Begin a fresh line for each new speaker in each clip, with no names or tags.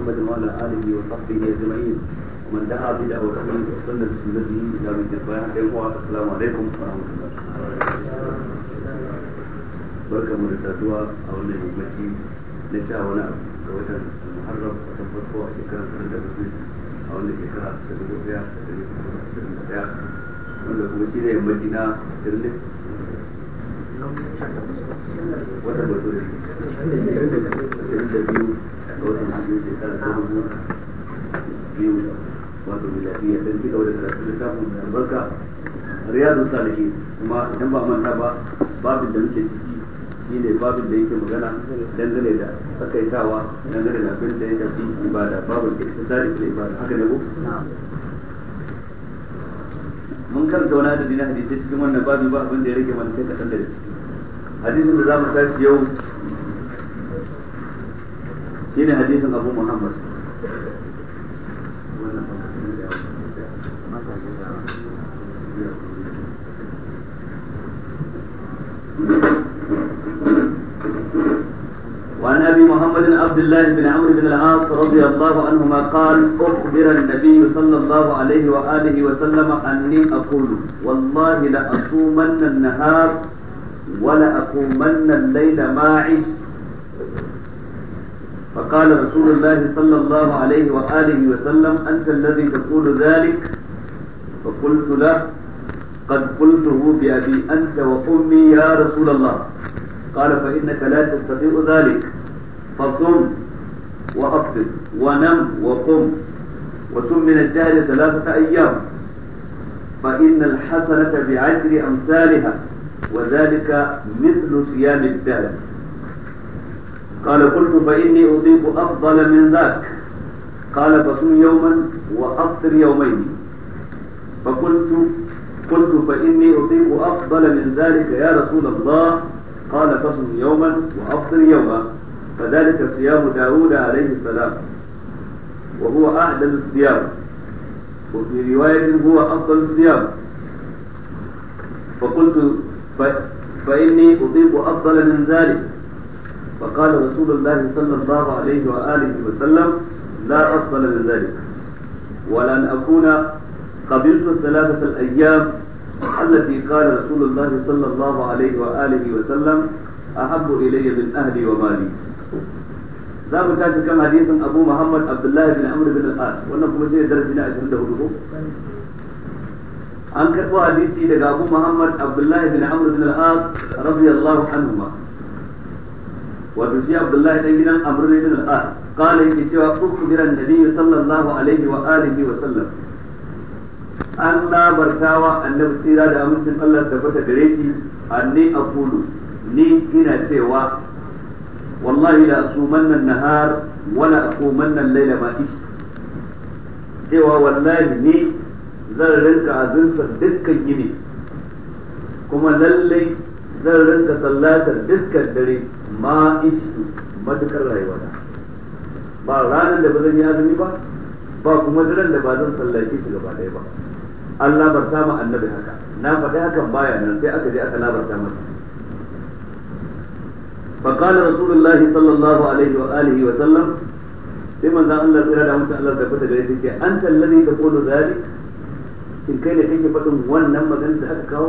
محمد وعلى اله وصحبه اجمعين ومن دعا بدعوته واستنى بسنته الى يوم الدين السلام عليكم ورحمه الله barka mu da saduwa a wannan yammaci na sha wani abu ga watan muharram watan farko a shekarar da musulunci a wannan shekara ta dubu daya da dari ashirin da daya wanda kuma shi ne yammaci na ashirin ne watan bature ashirin da biyu ga watan hannu shekara ta dubu biyu wato miladiya don ci gaba da karatu da samun mai albarka riyadu salihin kuma idan ba manta ba babin da muke ciki shi ne babin da yake magana dangane da tsakaitawa dangane da abin da ya shafi ibada babin da ya tsari da ibada haka ne ko mun karanta wani adadi na hadisai cikin wannan babi ba abin da ya rage mana sai kaɗan da ciki hadisin da za mu tashi yau shine hadisin Abu Muhammad وعن ابي محمد عبد الله بن عمرو بن العاص رضي الله عنهما قال اخبر النبي صلى الله عليه واله وسلم اني اقول والله لاصومن النهار ولاقومن الليل ما عشت فقال رسول الله صلى الله عليه وآله وسلم أنت الذي تقول ذلك فقلت له قد قلته بأبي أنت وأمي يا رسول الله قال فإنك لا تستطيع ذلك فصم وأفطر ونم وقم وصم من الشهر ثلاثة أيام فإن الحسنة بعشر أمثالها وذلك مثل صيام الدهر قال قلت فإني أطيب أفضل من ذاك قال فصم يوما وأفطر يومين فقلت قلت فإني أطيب أفضل من ذلك يا رسول الله قال فصم يوما وأفطر يوما فذلك صيام داود عليه السلام وهو أعدل الصيام وفي رواية هو أفضل الصيام فقلت فإني أطيب أفضل من ذلك فقال رسول الله صلى الله عليه وآله وسلم لا أفضل من ذلك ولن أكون قبلت الثلاثة الأيام التي قال رسول الله صلى الله عليه وآله وسلم أحب إلي من أهلي ومالي za mu tashi kan hadisin abu muhammad abdullahi bin amr bin al-as wannan kuma sai darasi na 24 ko an karbo hadisi daga abu muhammad abdullahi bin amr bin al wato shi abdullahi dan gidan amr ne bin al-as qala yake cewa ukhbira an-nabi sallallahu alaihi wa alihi wa sallam an labartawa annabi tsira da amincin Allah tabbata gare shi anni aqulu ni ina cewa wallahi la asumanna an-nahar wa la aqumanna al-layla ma ish cewa wallahi ni zan rinka azunsa dukkan yini kuma lallai zan rinka sallatar dukkan dare ma ishtu matukar rayuwa ba ranar da ba zan yi azumi ba ba kuma daren da ba zan sallace shi gaba ɗaya ba an labarta ma annabi haka na faɗi hakan baya nan sai aka je aka labarta masa فقال رسول الله صلى الله عليه وآله وسلم لمن ذا الله تعالى دعوة الله تبت جريسك أنت الذي تقول ذلك إن كان كيف فتم ونما ذنب هكا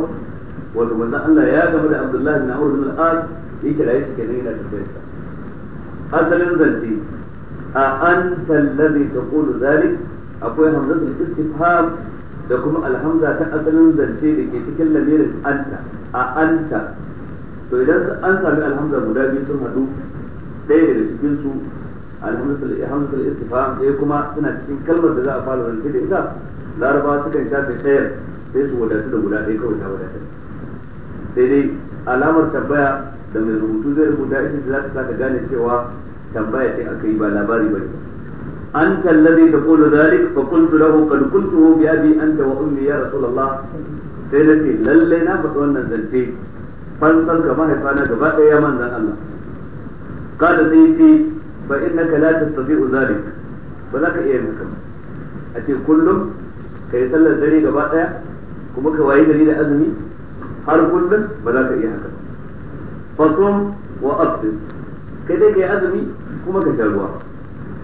وتمنى الله يا عبد الله بن عمرو بن الآس yi kiraye shi kenan yana tafiyar sa asalin zance a an tallabe ta kulu zari akwai hamzatul istifham da kuma alhamza ta asalin zance da ke cikin lamirin anta a anta to idan an sami alhamza guda biyu sun hadu ɗaya daga cikin su alhamzatul hamzatul istifham ɗaya kuma suna cikin kalmar da za a fara zance da ita larabawa sukan shafe ɗayan sai su wadatu da guda ɗaya kawai ta wadatu sai dai alamar tabbaya da mai rubutu zai rubuta shi za ta saka gane cewa tambaya ce aka yi ba labari ba أنت الذي تقول ذلك فقلت له قد قلته بأبي أنت وأمي يا رسول الله sai na ce lallai na faɗi wannan zance fansan ka mahaifa na gaba ɗaya manzan Allah kada sai ce fa innaka la tastati'u zalik ba za ka iya yin a ce kullum ka yi sallar dare gaba ɗaya kuma ka gari da azumi har kullum ba za ka iya haka ba fasum wa abdul kai dai kai azumi kuma ka sha ruwa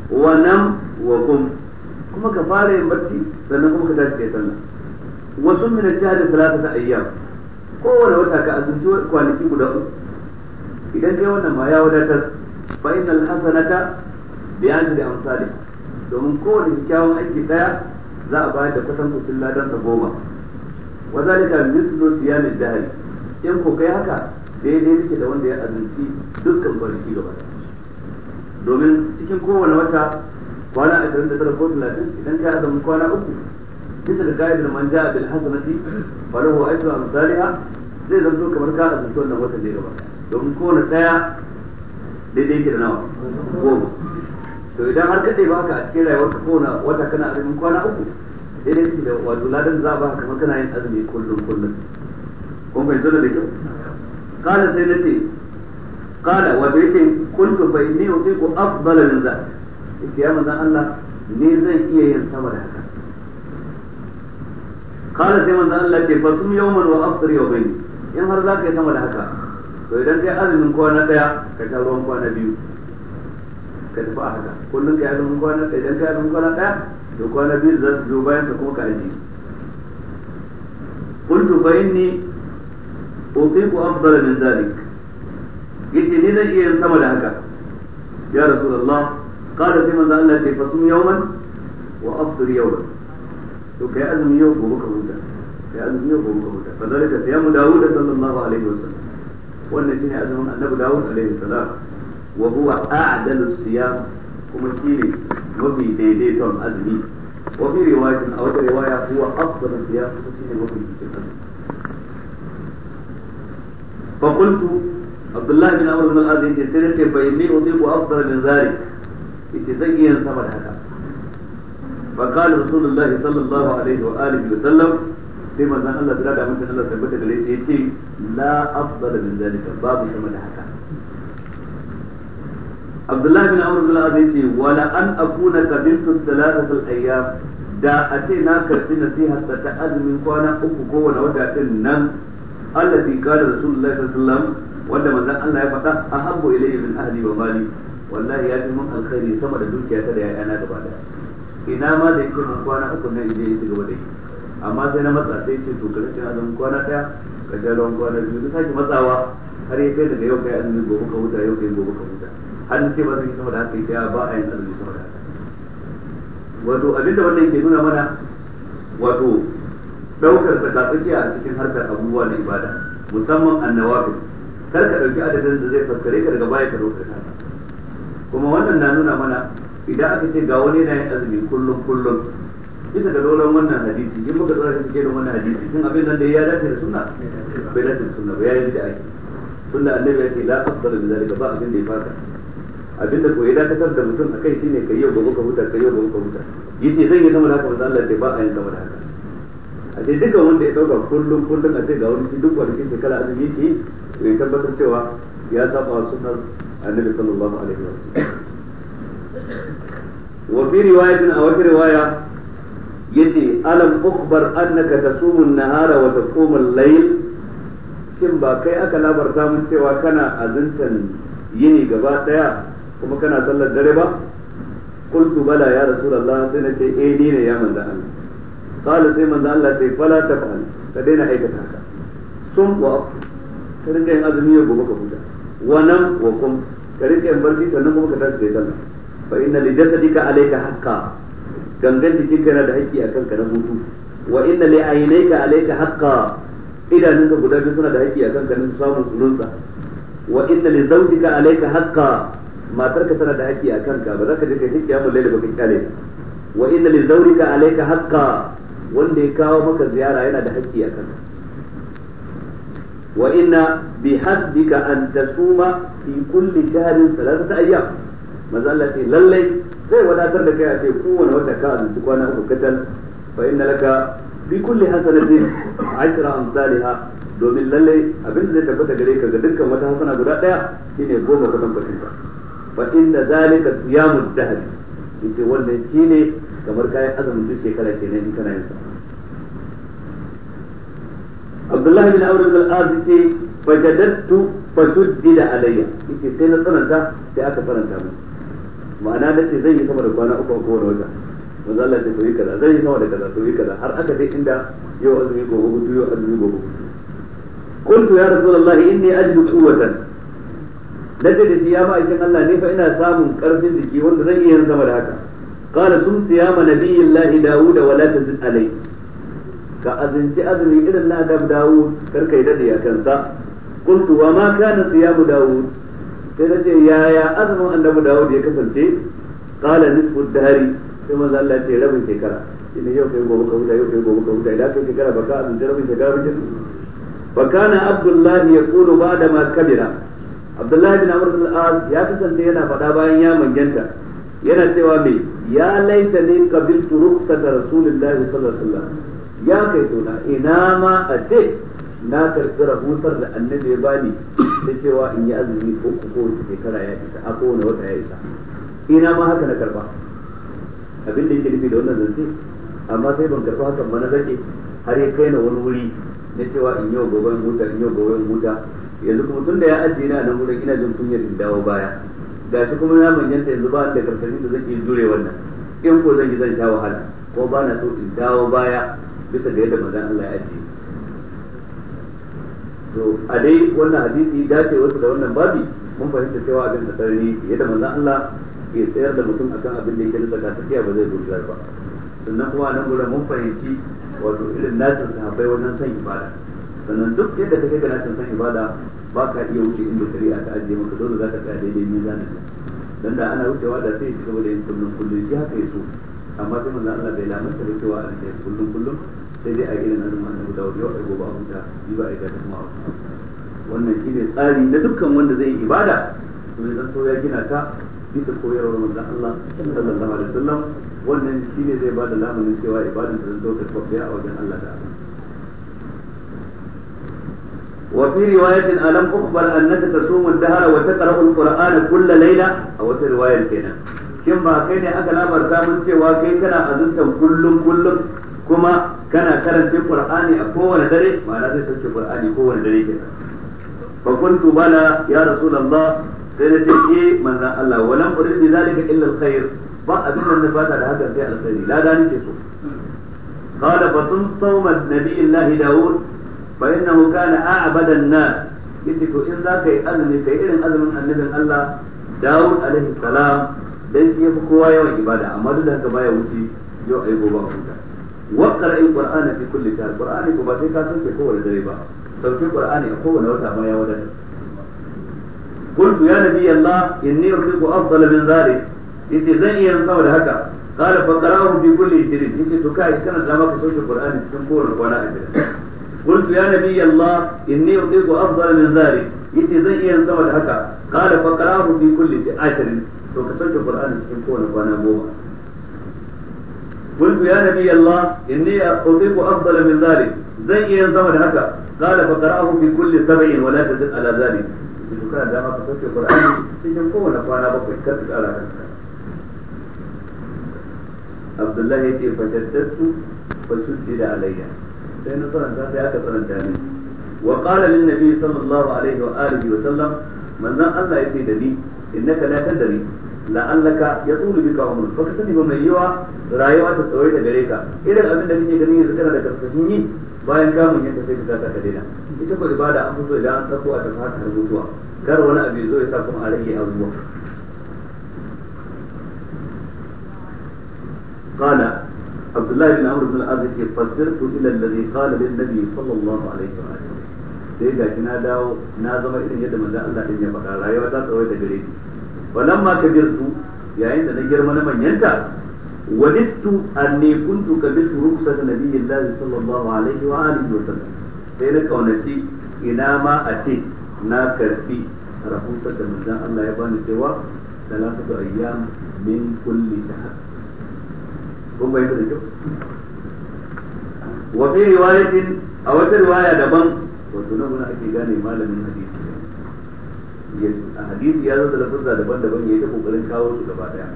wa nan wa kum kuma ka fara yin barci sannan kuma ka tashi kai sallah wa sun min ash-shahr thalathata ayyam kowane wata ka azumci kwanaki guda uku idan kai wannan ma ya wadatar fa innal hasanata bi ajri amsalih domin kowane kyakkyawan aiki daya za a bayar da kusan kucin ladan sa goma wa zalika mithlu siyamid dahr in ko kai haka daidai yake da wanda ya azumci dukkan kwanaki gaba domin cikin kowane wata kwana da tara ko 30 idan ka azumi kwana uku bisa da ka'idar man ja'a bil hasanati falahu ashru amsalha zai zanto kamar ka azumci wannan watan da gaba domin kowane daya daidai yake da nawa goma to idan har kadai ba ka a cikin rayuwar ka kowane wata kana azumin kwana uku daidai yake da wato ladan za ba kamar kana yin azumi kullum kullum kun fahimta da kyau قال sai قال وبيتي كنت بيني وبينك افضل من uti ku afdala الله za yace ya manzon Allah ne zan iya yin sama da haka kala sai manzon Allah ce fa wa in har za haka to idan kai azumin kwana daya ka ta ruwan kwana biyu ka tafi a haka kullum kai azumin kwana daya idan kai azumin kwana daya biyu za su bayan ka kuma ka aji kuntu ni. utiku afdal min zalik yace ni zan iya sama da haka ya rasulullah qala sai manzo Allah ce fasum yawman wa afdir yawman to kai azumi yau gobe ka huta kai azumi yau gobe ka huta fadalika siyamu daud sallallahu alaihi wasallam wannan shine azumin annabi daud alaihi salam wa huwa a'dalu siyam kuma shine mafi daidaiton azumi wa fi riwayatin a wata riwaya huwa shine mafi fa qultu abdullahi bin amr bin al-aziz yace sai nace fa inni utiqu afdal min zalik yace zan yi sama da haka fa qala sallallahu alaihi wa alihi wa sallam sai manzon Allah ya da mutum Allah tabbata gare shi yace la afdal min zalika sama da haka Abdullahi bin Amr an da a ce na karfi nasiha ta azumin kwana uku kowane wata din nan allati qala rasulullahi sallallahu alaihi wasallam wanda manzon Allah ya faɗa ahabbu ilayya min ahli wa mali wallahi ya fi mun alkhairi sama da dukiya ta da yayana gaba da ina ma da yake mun kwana uku ne idan yake gaba da yi amma sai na matsa sai ce to kada kina zama kwana daya ka sha ruwan kwana biyu ka sake matsawa har ya kai daga yau kai azumi gobe ka huta yau kai gobe ka huta har ce ba zai yi sama da haka ya ba a yin azumi sama da haka wato abinda wannan ke nuna mana wato daukar tsakatsakiya a cikin harkar abubuwa na ibada musamman annawafi kar ka dauki adadin da zai faskare ka daga baya ka zo ka kuma wannan na nuna mana idan aka ce ga wani yana yin azumi kullum kullum bisa ga dolan wannan hadisi in muka tsara shi cikin wannan hadisi tun abin nan da ya dace da sunna bai dace da sunna ba ya yi da ake sunna annabi ya ce la afdal min zalika ba abin da ya fata abin da koyi dakatar da mutum akai shine kai yau gobe ka huta kai yau gobe ka huta yace zan yi sama da haka manzo Allah ce ba a yin sama da haka a ce duka wanda ya dauka kullum kullum a ce ga wani shi duk kwanakin shekara azumi yake yi ya tabbatar cewa ya saba wa sunnar annabi sallallahu alaihi wa wa fi riwayatin a wata riwaya yace alam ukhbar annaka tasumu an-nahara wa taqumu al-layl shin ba kai aka labarta mun cewa kana azuntan yini gaba daya kuma kana sallar dare ba qultu bala ya rasulullah sai nace eh ni ne ya manzo Allah qala sai manzo Allah sai fala ta fa'al ka daina aikata haka sun wa afu ka rinka yin azumi ya gobe ka huta wa nan wa kum ka rinka yin barci sannan kuma ka tashi kai sallah fa inna li jasadika alayka haqqa gangan jikinka yana da haƙƙi akan ka na hutu wa inna li aynayka alayka haqqa idanunka guda biyu suna da haƙƙi akan ka na samun sununsa wa inna li zawjika alayka haqqa matarka tana da haƙƙi akan ka ba za ka je kai haƙƙi amma lalle ba kai kyale wa inna li zawrika alayka haqqa wanda ya kawo maka ziyara yana da haƙƙi a kanka wa inna bi haddika an tasuma fi kulli shahrin salasata ayyam manzo Allah ce lallai zai wadatar da kai a ce kowane wata ka azumci kwana uku katal fa inna laka bi kulli hasanatin ashra amsalha domin lallai abin da zai tabbata gare ka ga dukkan wata hasana guda daya shine goma kwatan kwatan ka fa inna zalika siyamud dahr yace wannan shine kamar kayan azumin duk shekara ke nan kana yin sa Abdullahi bin Amr bin al-Az ce fa shaddadtu fa suddida alayya yace sai na tsananta sai aka tsananta mu ma'ana nace zan yi sama da kwana uku a kowane wata manzo Allah ya yi kaza zan yi sama da kaza to yi kaza har aka dai inda yau azumi gobe hutu yau azumi gobe قلت يا رسول الله إني أجد قوة na ce da shi ya ma'aikin Allah ne fa ina samun karfin jiki wanda zan iya zama da haka qala sum siyama nabiyillahi daud wa la tazid alayhi ka azinci azumi irin na adab daud kar kai dade a kansa qultu wa ma kana siyamu daud sai nace yaya azumin annabi daud ya kasance qala nisfu dahari sai manzo Allah ce rabin shekara idan yau kai gobe ka huta yau kai gobe ka huta idan kai shekara baka azinci rabin shekara ba فكان عبد الله يقول بعدما كبر عبد الله بن عمرو بن العاص يا كسنت yana faɗa bayan ya manganta yana cewa me ya ليت لي قبلت rukhsata رسول sallallahu alaihi الله ya kai يا ina ma a ce na karɓi rahutar da annabi ya bani da cewa in yi azumi ko ko kowace shekara ya isa a kowane wata ya isa ina ma haka na abin da yake nufi da wannan zance amma sai ban karɓa hakan ba na zake har ya kai na wani wuri na cewa in yau gobe in huta in yau gobe in huta yanzu kuma tun da ya ajiye na nan wurin ina jin kunyar in dawo baya gashi kuma na manyanta yanzu ba da karshen da zan iya jure wannan in ko zan yi zan sha wahala ko ba na so in dawo baya bisa ga yadda manzon Allah ya ajiye to a dai wannan hadisi dace wasu da wannan babi mun fahimta cewa abin da tsarni yadda manzon Allah ke tsayar da mutum akan abin da yake da tafiya ba zai dogara ba sannan kuma nan gura mun fahimci wato irin nasin sahabbai wannan san ibada sannan duk yadda take ga nasin san ibada ba ka iya wuce inda shari'a ta ajiye maka dole za ka tsaya daidai mizanin dan da ana wucewa da sai ya cigaba da yin kullum kullum shi haka ya so amma sai manzo Allah bai lamanta da cewa a ne kullum kullum sai dai a irin azumin na guda yau ai gobe a huta yi ba a ga kuma a wannan shine tsari na dukkan wanda zai yi ibada to zan so ya gina ta bisa koyarwar manzo Allah sallallahu alaihi wasallam wannan shine zai bada lamunin cewa ibadan da zanto karfafiya a wajen Allah ta'ala وفي رواية ألم أخبر أنك تصوم الدهر وتقرأ القرآن كل ليلة أو في رواية كنا shin ba kai ne aka labarta mun cewa kai kana azuntan kullum kullum kuma kana karanta qur'ani a kowane dare ma'ana zai sauke qur'ani kowane dare kenan fa kuntu bala ya rasulullah sai na ce eh manzon Allah walam urid bi ba abin da na fata da haka sai alkhairi la da nake so kada ba sun sawma nabiyyillahi daud fa innahu kana a'bada an-nas yace to in za ka yi azumi kai irin azumin annabin Allah Dawud alaihi salam dan shi kowa yawan ibada amma duk da haka baya wuce yau ayi gobe huta wa qara'il qur'ana fi kulli shahr qur'ani ba ka dare ba qur'ani a kowane wata ya wadatar قلت يا نبي الله إني أطلق أفضل من ذلك zan iya yin sama da haka qala fa qara'u fi kulli shirin yace to kai kana da maka sauke qur'ani cikin kowane kwana a قلت يا نبي الله إني أطيق أفضل من ذلك yace zan iya sama da haka qala fa qara'ahu fi kulli sa'atin to ka sauke qur'ani cikin kowane kwana goma قلت يا نبي الله إني أطيق أفضل من ذلك زي إيه زمن هكا قال فقرأه في كل سبع ولا تزد على ذلك شكرا دام فتوك القرآن سيجن قوة نقوانا بقوي كتب على كتب عبد الله يتي فشددت فشدد عليها sai na tsananta sai aka tsananta ne wa qala lin nabi sallallahu alaihi wa alihi wa sallam manzon Allah yace da ni innaka la tadri annaka yatulu bika umr fa kasani ba mai yawa rayuwa ta tsoye da gare ka irin abin da kake gani yanzu kana da karkashin yi bayan kamun yanka sai ka ka daina ita ko ibada an fito idan an tsako a tafi har mutuwa kar wani abu zo ya sa kuma a rage abubuwa قال عبد الله بن عمرو بن العاص يقول فسرت الى الذي قال للنبي صلى الله عليه واله sai ga shi na dawo na zama irin yadda manzon Allah din ya faɗa rayuwa ta tsawaita gare ni walamma kabirtu yayin da na girma na manyanta وددت أني كنت قبلت رخصة نبي الله صلى الله عليه wa وسلم sai na kaunaci ina ma a ce na karfi rahusar da manzon Allah ya bani cewa talatu ayyam min kulli shahr kun bai da kyau wa fi riwayatin a wata riwaya daban wato nan muna ake gane malamin hadisi a hadisi ya zama lafazza daban-daban ya yi ta kokarin kawo su gaba daya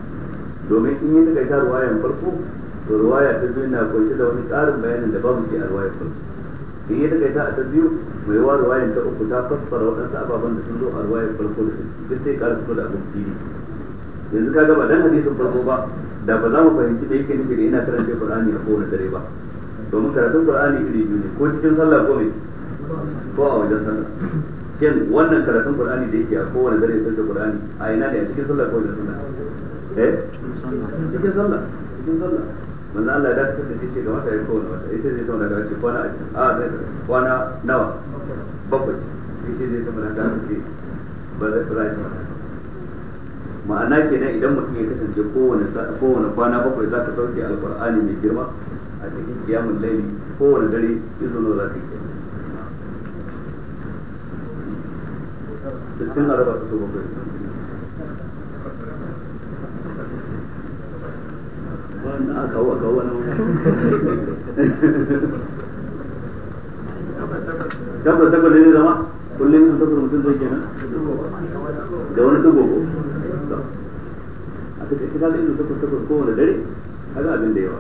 domin in yi ta ta ruwayan farko to ruwaya ta biyu na kunshe da wani tsarin bayanin da babu shi a ruwayar farko in yi ta ta a ta biyu mai yawa ruwayan ta uku ta fassara waɗansu ababen da sun zo a ruwayar farko da duk sai ƙara fito da abin fili yanzu ka gaba dan hadisin farko ba da ba za mu fahimci da yake nufi da yana karanta Qur'ani a kowane dare ba domin karatun Qur'ani iri biyu ne ko cikin sallah ko me ko a wajen sallah shin wannan karatun Qur'ani da yake a kowane dare sai da Qur'ani a ina ne a cikin sallah ko wajen sallah eh cikin sallah cikin sallah manzo Allah ya dace da shi ce ga wata ya kowane wata ita zai zauna da wace kwana ah, a a kwana nawa bakwai ita zai zama da ta ba zai fara shi ma'ana kenan idan mutum ya kasance kowane kowane kwana bakwai za ka sauke alqur'ani mai girma a cikin kiyamun laili kowane dare izinin za ka yi sittin a raba su bakwai wannan aka hau aka hau wani tabbas tabbas ne zama kullum yin sabar mutum zai kenan da wani dugo ko a cikin shi kaga yin sabar sabar kowane dare kaga abin da yawa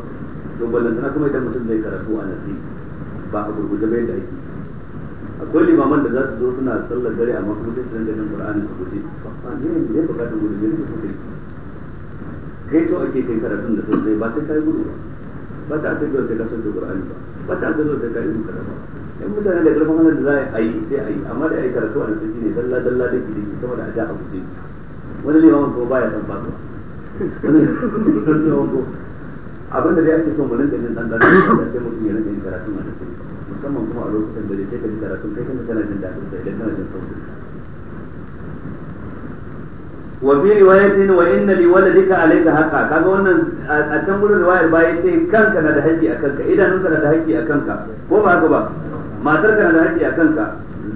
to ballantana kuma idan mutum zai karatu a nasi ba a gurguje bai da aiki akwai limaman da za su zo suna sallar dare amma kuma sai su rinka jin qur'ani a guje ba ne ne bukatar gudu ne ne kai kai to ake kai karatun da sosai ba sai kai gudu ba ba ta aka zo sai ka san da qur'ani ba ba ta aka zo sai ka yi karatu ba in mutane da karfin hannun da za a yi sai a yi amma da ya yi karatu a nan ne dalla dalla da ke dake saboda a ja a guje wani ne limamin ko ya san fasuwa wani limamin ko abin da zai ake son wani rinka jin dan dan da sai mutum ya rinka yin karatu a nan musamman kuma a lokacin da sai ka ji karatu kai kanka tana jin daɗin sa idan kana jin sauƙin وفي رواية وإن لولدك عليك حقا kaga wannan a can gurin riwayar ba yace kanka na da haƙƙi a kanka idanunka na da haƙƙi a kanka ko ba haka ba matar ka na da haƙƙi a kanka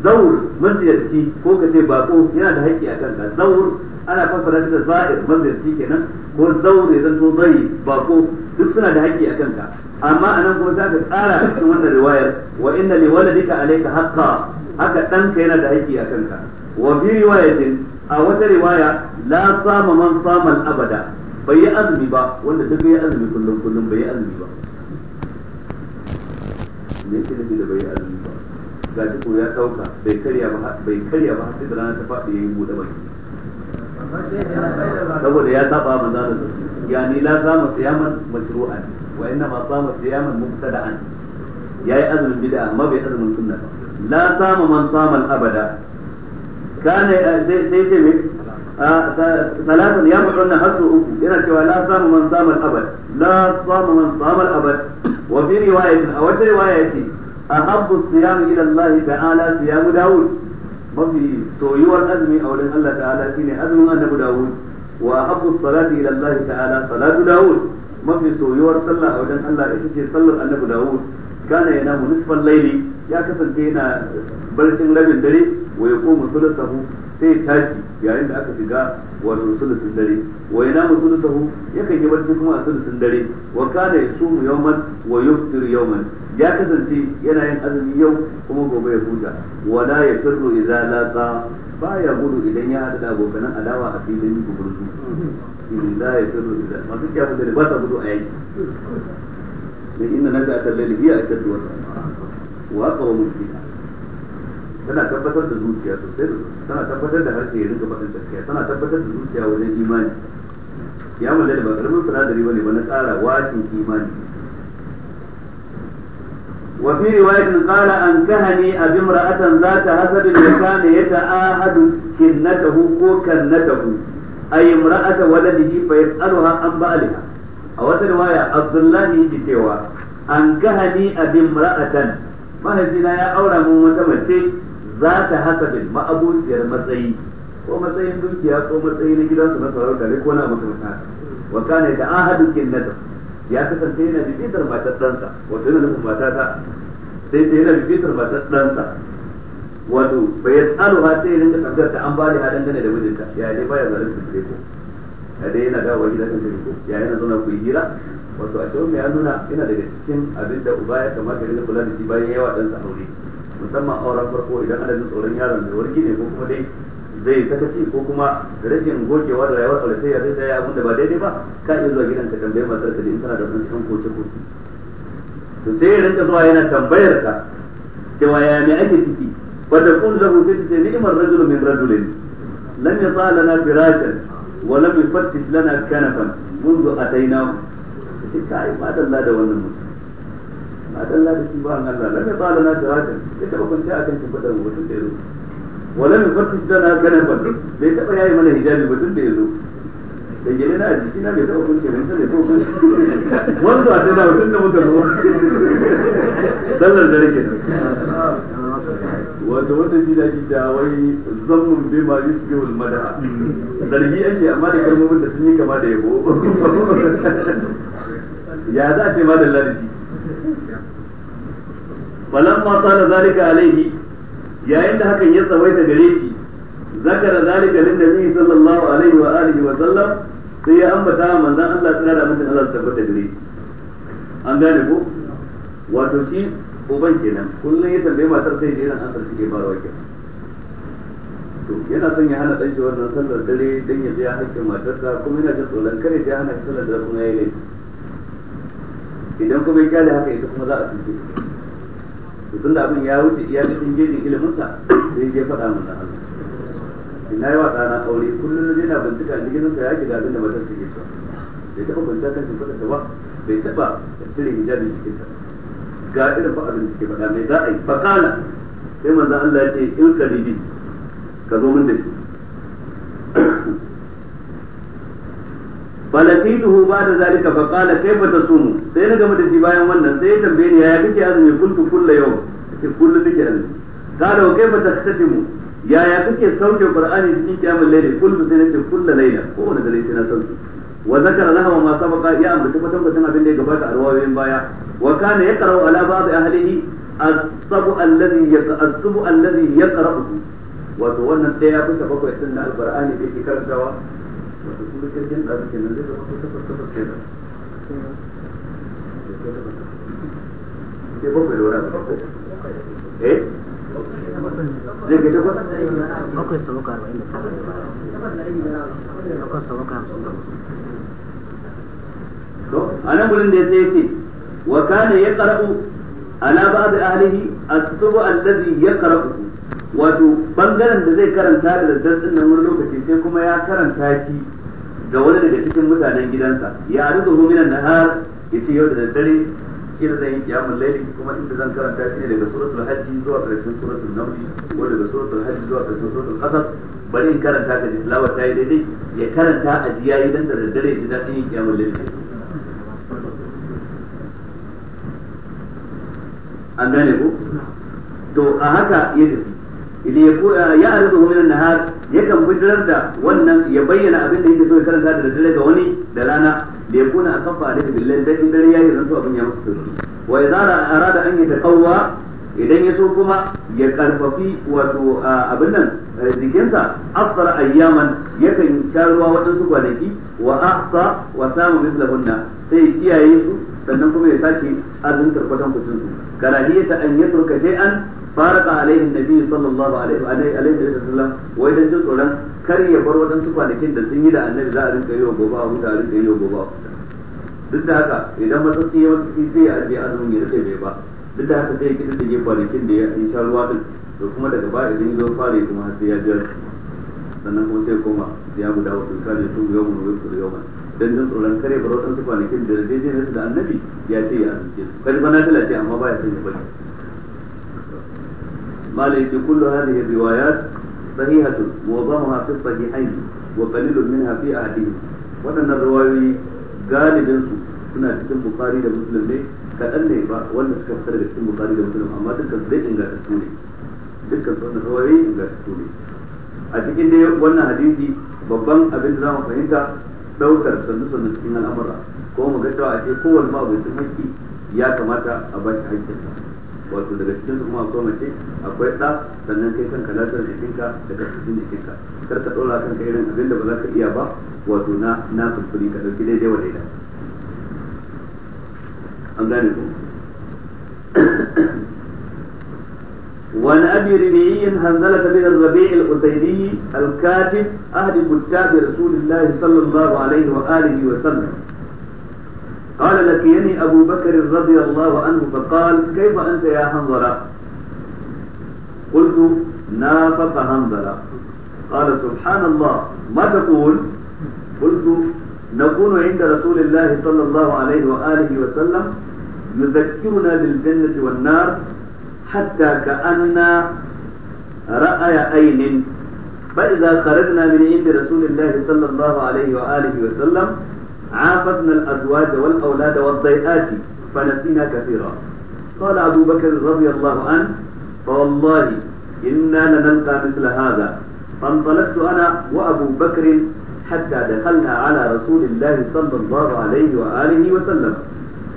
zaur maziyarci ko ka ce bako yana da haƙƙi a kanka zaur ana fassara shi da za'ir maziyarci kenan ko zaur ya zanto zai bako duk suna da haƙƙi a kanka amma anan kuma za ka tsara cikin wannan riwayar wa inna li waladika alayka haqqa haka danka yana da haƙƙi a kanka wa bi riwayatin a wata riwaya la sama man sama abada bai yi azumi ba wanda duk bai yi azumi kullum kullum bai yi azumi ba me yake nufi da bai yi azumi ba ga shi ko ya dauka bai karya ba bai karya ba sai da rana ta faɗi yayin bude baki saboda ya saba manzo da su yani la sama siyaman mashru'an wa inna ma sama siyaman mubtada'an yayi azumin bid'a amma bai azumin sunna ba la sama man sama al abada kana eh, sai sai me ثلاثا يا مدونا حسو أكو إنا كوا لا صام من صام الأبد لا صام من صام الأبد وفي رواية أو رواية أحب الصيام إلى الله تعالى صيام داود mafi soyuwar azumi a wurin Allah ta'ala shine azumin annabi Dawud wa habbu salati ila Allah ta'ala salatu Dawud mafi soyuwar sallah a wurin Allah ita ce sallar annabi Dawud kana yana munisfan laili ya kasance yana barcin rabin dare wa yaqumu thuluthahu sai tashi yayin da aka shiga wato sulusun dare wa ina mu ya yakan yi barci kuma a sulusun dare wa kana yasumu yawman wa yau yawman ya kasance yana yin azumi yau kuma gobe ya huta wala yafirru idza laqa baya gudu idan ya hada abokanan adawa a filin gubrusu in la yafirru idza masu kiyamu da ba sa gudu a yaki dan inna nazata lillahi hiya ashaddu wa aqwa mutila tana tabbatar da zuciya sosai da sosai tana tabbatar da harshe ya rinka faɗin tafiya tana tabbatar da zuciya wajen imani ya mulle da ba karamin ba ne ba na tsara washin imani wa fi riwayatin qala an kahani abi imra'atan zata hasabin da kana yata'ahadu kinnatahu ko kannatahu ay imra'ata waladihi fa yas'aluha an ba'liha a wata riwaya abdullahi yake cewa an kahani abi imra'atan mahaifina ya aura mun wata mace za ta hasabin ma'abuciyar matsayi ko matsayin dukiya ko matsayi na gidansu na sarauta ne ko na makamata wa kana da ahadu kinnata ya kasance yana bibitar matar ɗansa wato yana nufin mata ta
sai ta yana bibitar matar ɗansa
wato bai yasalu ha sai rinka tambayar ta an ba da hadan dane da mijinta ya dai baya zarin su ko ya dai yana dawowa gidan kan ko ya yana zauna ku hira wato a shawun ya nuna yana daga cikin abin da uba ya kamata ya kula da shi bayan yawa ɗansa aure musamman auren farko idan adadin tsoron yaron mai warki ne ko kuma dai zai sakaci ko kuma rashin gogewa da rayuwar auratayya zai tsaya abin da ba daidai ba ka iya zuwa gidan ka tambaye matar ka in tana da wani cikin koce ko to sai ya rinka zuwa yana tambayar ka cewa ya me ake ciki fa da kun lahu fi ni'mar rajul min rajulin lam yata lana firashan wa lam yufattish lana kanafan منذ أتيناه kai ma dalla da wannan mutum a dalla da shi ba an Allah lam yaqala na jawadan ya taba kwanci akan shi fadar mutum da yazo wala min farti dana kana ba bai taba yayi mana hijabi mutum da yazo da gele na jiki na bai taba kwanci mun sai ko kun wanda a dalla mutum da mutum dallar da rike wato wanda shi da shi da wai zammun bai ma yusbihu almadaha zargi ake amma da kalmomin da sun yi kama da yabo ya za a ce ma da ladashi falamma sala zalika alaihi yayin da hakan ya tsawaita gare shi zakara zalika lin nabi sallallahu alaihi wa alihi wa sallam sai ya ambata manzon Allah tsira da mutum Allah tabbata gare shi an gane ko wato shi uban kenan kullum ya tambaye matar sai da irin ansar ke farawa kenan to yana son ya hana dan shi wannan sallar dare dan ya biya hakkin matarsa kuma yana jin tsoron kare ya hana sallar dare kuma yayi laifi idan kuma ya kyale haka ita kuma za a tuntuɓe to tunda abin ya wuce iya cikin gejin ilimin sa sai je faɗa mun Allah ina yi wa tsana aure kullum na je bincika a cikin sa ya ki da abin da matar take so bai taɓa kwanciya kan shimfiɗa ta ba bai taɓa cire hijabin jikinta ga irin ba abin da take faɗa mai za a yi fakala sai manzon Allah ya ce in ribi ka zo min da shi falaqituhu ba'da zalika fa qala kayfa tasumu sai na gama da shi bayan wannan sai ya tambaye ni yaya kake azumi kuntu kullu yau ce kullu nake azumi qala wa kayfa tastatimu yaya kake sauke qur'ani cikin kiyamul layli kullu sai nace kullu layla ko wani dare sai na sauke wa zakara lahu ma sabaqa ya ambaci tabbata kwatan abin da ya gabata a baya wa kana yaqra'u ala ba'd ahlihi as-sabu alladhi yaqra'u wato wannan daya bisa bakwai din na alqur'ani da yake karantawa wato kuma jirgin da ake nan zai zama ko takwas takwas ke nan ke da abu eh
zai kai takwas bakwai
sa bakwai arba'in da da to da
ya sai ce wa ya ala ahlihi as-subu allazi wato bangaren da zai karanta da daddar nan wani lokaci sai kuma ya karanta shi ga wani daga cikin mutanen gidansa ya arzu hu minan nahar yace yau da daddare shi da zan yi kiyamul layli kuma inda zan karanta shi ne daga suratul hajji zuwa karshen suratul naml ko daga suratul hajji zuwa karshen suratul qasas bari in karanta ka ji tilawa ta yi daidai ya karanta a ji yayi dan da daddare ji dadin yin kiyamul laili an gane ko to a haka ya tafi ya arzu hu minan nahar yakan bijirar da wannan ya bayyana abin da yake so ya karanta da dare ga wani da rana da ya kuna akafa da billahi da in dare yayi zanto abin ya musu wa idza arada an yataqawwa idan ya so kuma ya karfafi wato abin nan eh, jikinsa afsar ayyaman yakan sha ruwa waɗansu kwanaki wa ahsa wa samu mislahunna sai ya kiyaye su sannan kuma ya sace azuntar karfatan kucin su karahiyata an yatruka shay'an faraka alaihin nabi sallallahu alaihi wa sallam wai dan jin tsoron kar ya bar wadansu kwanakin da sun yi da annabi za a rinka yi wa gobe a huta a rinka yi wa gobe a huta duk da haka idan matsatsi ya matsatsi sai ya ajiye azumin ya rike bai ba duk da haka sai ya kiɗa da ke kwanakin da ya sha ruwa din to kuma daga baya idan ya zo fara kuma har sai ya jira sannan kuma sai koma ya guda wasu sun kare su yau mun wai su yau mun dan jin tsoron kare bar wadansu kwanakin da daidai ne da annabi ya ce ya azumin kai ba na dala ce amma ba ya sanya ba ما ليس كل هذه الروايات صحيحة معظمها في الصحيحين وقليل منها في أحدهم وأن الرواية غالبا suna cikin bukari da muslim ne ne ba wanda suka fitar da cikin bukari da muslim amma dukkan zai ingantattu ne dukkan sun rawaye a cikin dai wannan hadisi babban abin da zamu fahimta daukar sannu sannu cikin al'amura ko mu ga cewa a ce kowanne ma bai ya kamata a bashi shi wato daga cikin su kuma akwai mace akwai da sannan kai kanka lafiyar jikinka da karfafin jikinka kar ka dora kanka irin abin da ba za ka iya ba wato na na sulfuri ka dai daidai wa daidai an gane ku وعن ابي ربيعي هنزلة بن الربيع الاسيدي الكاتب احد كتاب رسول الله صلى الله عليه واله وسلم قال لقيني أبو بكر رضي الله عنه فقال كيف أنت يا حنظلة قلت نافق حنظلة قال سبحان الله ما تقول قلت نكون عند رسول الله صلى الله عليه وآله وسلم يذكرنا بالجنة والنار حتى كأننا رأي عين فإذا خرجنا من عند رسول الله صلى الله عليه وآله وسلم عاقدنا الأزواج والأولاد والضيئات فنسينا كثيرا قال أبو بكر رضي الله عنه فوالله إنا لنلقى مثل هذا فانطلقت أنا وأبو بكر حتى دخلنا على رسول الله صلى الله عليه وآله وسلم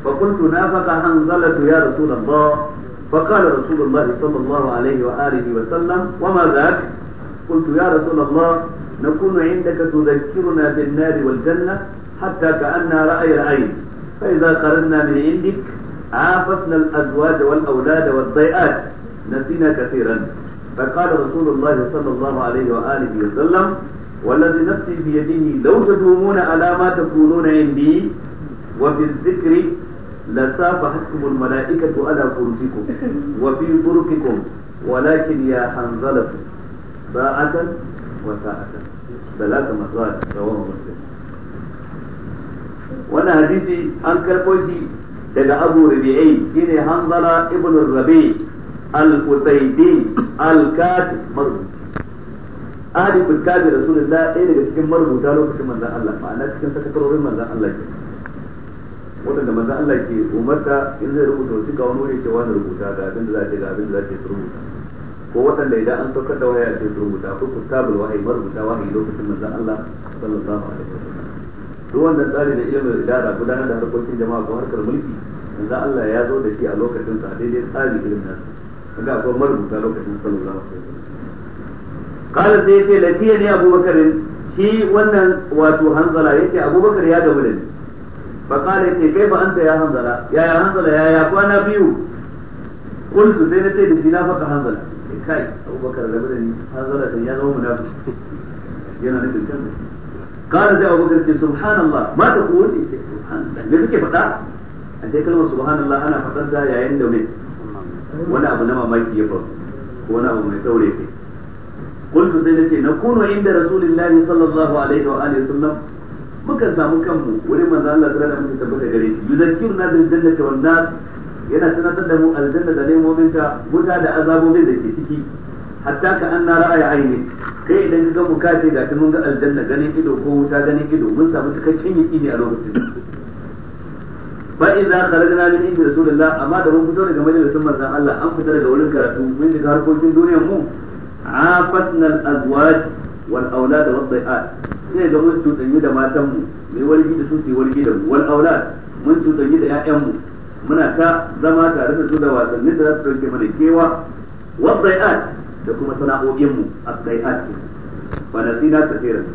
فقلت نافق حنظلة يا رسول الله فقال رسول الله صلى الله عليه وآله وسلم وما ذاك قلت يا رسول الله نكون عندك تذكرنا بالنار والجنة حتى كأنها رأي العين فإذا قرنا من عندك عافسنا الأزواج والأولاد والضيئات نسينا كثيرا فقال رسول الله صلى الله عليه وآله وسلم والذي نفسي بيده لو تدومون على ما تكونون عندي وفي الذكر لصافحتكم الملائكة على فرجكم وفي طرقكم ولكن يا حنظلة ساعة وساعة بلاك مزار رواه مسلم wannan hadisi an karɓo shi daga abu rabi'i shine hanzala ibn rabi al-qutaybi al-katib marubuci ahli kitabi rasulullah ɗaya daga cikin marubuta lokacin manzon Allah ma'ana cikin sakatarorin manzon Allah ke waɗanda manzon Allah ke umarta in zai rubuta wasiƙa wani wuri cewa na rubuta ga abin da za ta ga abin da za ta rubuta ko waɗanda idan an saukar da waya sai su rubuta ko kutabul wahayi marubuta wahayi lokacin manzon Allah sallallahu alaihi wasallam duk wannan tsari da ilimin idara gudanar da harkokin jama'a ko harkar mulki yanzu Allah ya zo da shi a lokacin sa daidai tsari ilimin nan kaga akwai marubuta lokacin sallallahu alaihi wasallam kala sai yace lafiya ne Abu Bakar shi wannan wato hanzala yake Abu Bakar ya gamu da ni fa kala yake kai ba anta ya hanzala ya ya hanzala ya ya kwana biyu qultu sai nace da shi na faka hanzala kai Abu Bakar da ni hanzala din ya zama munafiki yana nufin kanta. قال زي أبو بكر سبحان الله ما تقول سبحان الله me kake faɗa a sai kalmar subhanallah ana faɗar da yayin da wani abu na mamaki ya faru ko wani abu mai daure قلت sai nace na kuno inda rasulullahi sallallahu alaihi wa alihi muka samu kanmu wurin manzo Allah sallallahu alaihi tabbata gare shi na bil jannati wan nar yana tunatar da mu aljanna da nemomin ta wuta da azabobin da ke ciki hatta ka an na ra'ayi aini kai idan ka ga muka ce ga mun ga aljanna ganin ido ko wuta ganin ido mun samu cikakken ne a lokacin fa idza kharajna min inda rasulullah amma da mun fito daga majalisin manzon Allah an fita daga wurin karatu mun ji harkokin duniyar mu afatna al-azwaj wal aulad wal dhi'at sai ga mun tutanyu da matan mu mai walgi da su sai walgi da mu wal aulad mun tutanyu da ƴaƴan mu muna ta zama tare da su da wasannin da za su dauke mana kewa wal dhi'at da kuma a sana'o'in mu a sai'at fa ta kaseeran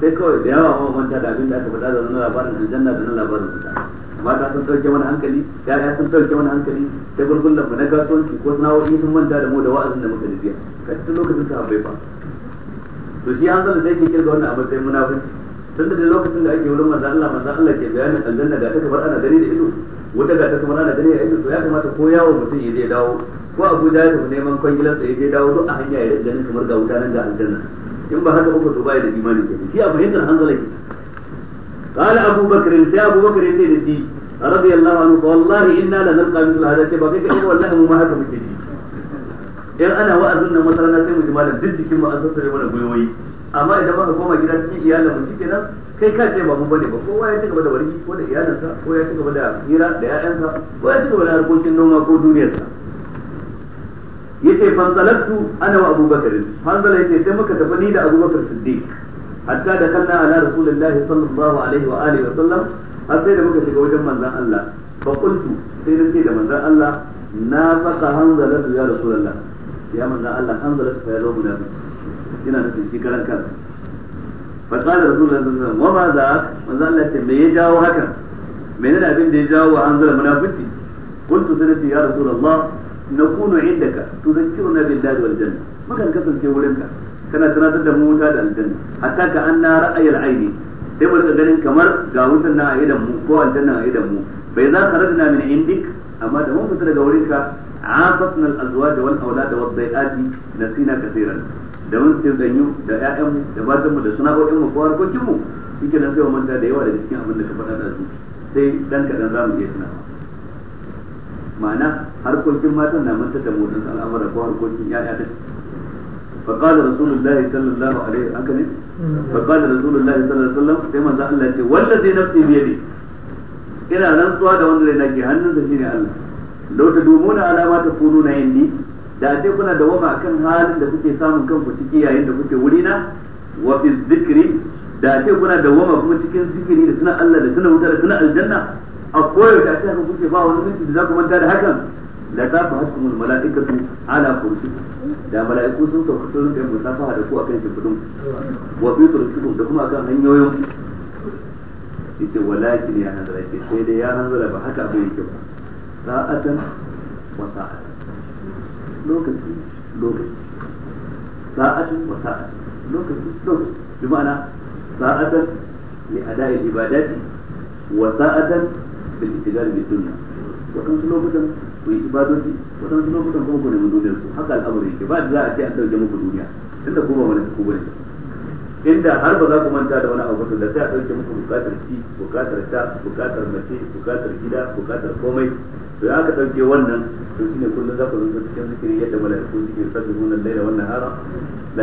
sai kawai da yawa ma manta da abin da aka faɗa da na labarin aljanna da nan labarin wuta mata sun sauke mana hankali ya sun sauke mana hankali ta gurgurlan mu na kasuwanci ko sana'o'i sun manta da mu da wa'azin da muka jiya ka cikin lokacin ka bai fa to shi an zama sai ke kirga wannan a sai munafunci tun da lokacin da ake wurin manzo Allah manzo Allah ke bayanin aljanna da ta kamar ana gani da ido wata ga ta kamar ana gani da ido to ya kamata ko yawo mutum ya je dawo ko abu da ya neman kwangilan sa je dawo duk a hanya ya ganin kamar ga wuta nan ga aljanna in ba haka uku to bai da imani ke shi a fahimtar hanzala ke قال أبو بكر سي أبو بكر سي رضي الله عنه والله إنا لنلقى مثل هذا الشيء بقيت إنه والله ما هذا muke ji. in ana wa'azin nan wata rana sai mu ji malam duk jikin mu an sassare mana gwiwoyi amma idan baka koma gida cikin iyalin mu shikenan kai ka ce ba mu bane ba kowa ya ci gaba da warki ko da iyalinsa ko ya ci gaba da hira da ƴaƴansa ko ya ci da harkokin noma ko duniyarsa yace fansalatu ana wa abubakar hanzala yace sai muka tafi ni da abubakar siddiq hatta da kanna ala rasulullahi sallallahu alaihi wa alihi wa sallam har sai da muka shiga wajen manzon Allah fa qultu sai nace da manzon Allah na faka hanzalatu ya rasulullah ya manzon Allah hanzalatu fa ya zo mun ina da shi karan kansa fa qala rasulullahi sallallahu alaihi wa ma za manzon Allah ce me ya jawo haka menene abin da ya jawo wa hanzala munafiki qultu sai nace ya rasulullah na kuno indaka tuzakkiruna billahi wal janna mukan kasance ka kana tunatar da mu da aljanna hatta ka anna ra'ayil aini sai mu ganin kamar ga wutan na a idan mu ko aljanna a idan mu bai za ka rajina min indik amma da mun fita daga wurinka عاصفنا الازواج والاولاد والضيئات نسينا كثيرا da mun sai danyu da ƴaƴanmu da matanmu da sana'o'in mu ko harkokin mu shike nan sai mu manta da yawa daga cikin abin da ka faɗa da su sai dan kadan zamu iya tunawa ma'ana harkokin matan na mantar da mu dan al'amura ko harkokin yaya da فقال رسول الله صلى الله عليه وسلم فقال رسول الله صلى الله عليه وسلم كما ce الله يقول والذي نفسي بيدي ina rantsuwa da wanda nake hannun hannunsa shine Allah lau ta na alama ta kunu na yindi da sai kuna da wama akan halin da kuke samun kanku ciki yayin da kuke wurina wa fi zikri da sai kuna da wama kuma cikin zikiri da suna Allah da suna wuta da suna aljanna a da a cikin kuke ba wani minti da za ku manta da hakan la ta fa mala'ika mala'ikatu ala kursi da mala'iku sun sauka sun ta musafaha da ku akan shimfidin wa fi turkikum da kuma akan hanyoyin yace walakin ya hanzara ke sai dai ya hanzara ba haka abin yake ba sa'atan wa sa'atan lokaci lokaci sa'atan wa sa'atan lokaci lokaci bi ma'ana sa'atan li ada'i ibadati wa sa'atan bil ittijar bi sunna lokutan ku yi ibadoci wadansu lokutan kuma ku nemi duniyar su haka al'amari yake ba da za a ce an dauke muku duniya tunda ku ba wani ku bane inda har ba za ku manta da wani abu da sai a ɗauke muku buƙatar ci bukatar ta bukatar mace bukatar gida bukatar komai to ya ka ɗauke wannan to shine kullum za ku zo cikin zikiri yadda mala'iku suke sabbihun al-laila wannan hara la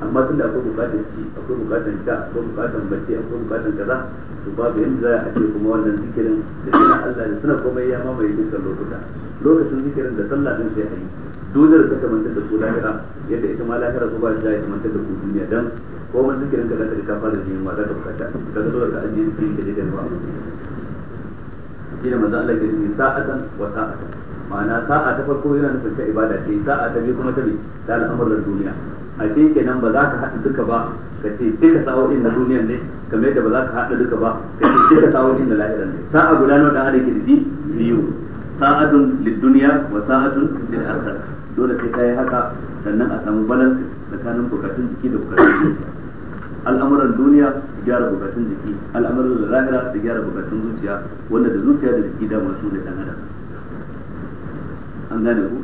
amma tunda akwai bukatar ci akwai bukatar sha akwai bukatar bacci akwai bukatar kaza to babu yanda za a ce kuma wannan zikirin da suna Allah da suna komai ya mamaye dukkan lokuta lokacin zikirin da sallah din sai ayi da ka tamantar da su lahira yadda ita ma lahira ko ba ta ya kamanta da ku duniya dan ko man zikirin ka zaka ka fara yin ma ka bukata ka zo da ajiye shi da ba wa shine manzo Allah ya ce sa'atan wa sa'atan ma'ana sa'a ta farko yana nufin ta ibada ce sa'a ta biyu kuma ta biyu ta al'amuran duniya ashe kenan ba za ka haɗa duka ba ka ce duka sa'o'in na duniyar ne kamar yadda ba za ka haɗa duka ba ka ce duka sa'o'in na lahiran ne sa'a guda nawa da ake da biyu sa'atun lidduniya wa sa'atun lil dole sai kai haka sannan a samu balance tsakanin bukatun jiki da bukatun zuciya al'amuran duniya su gyara bukatun jiki al'amuran lahira su gyara bukatun zuciya wanda da zuciya da jiki da masu da dan adam an gane ku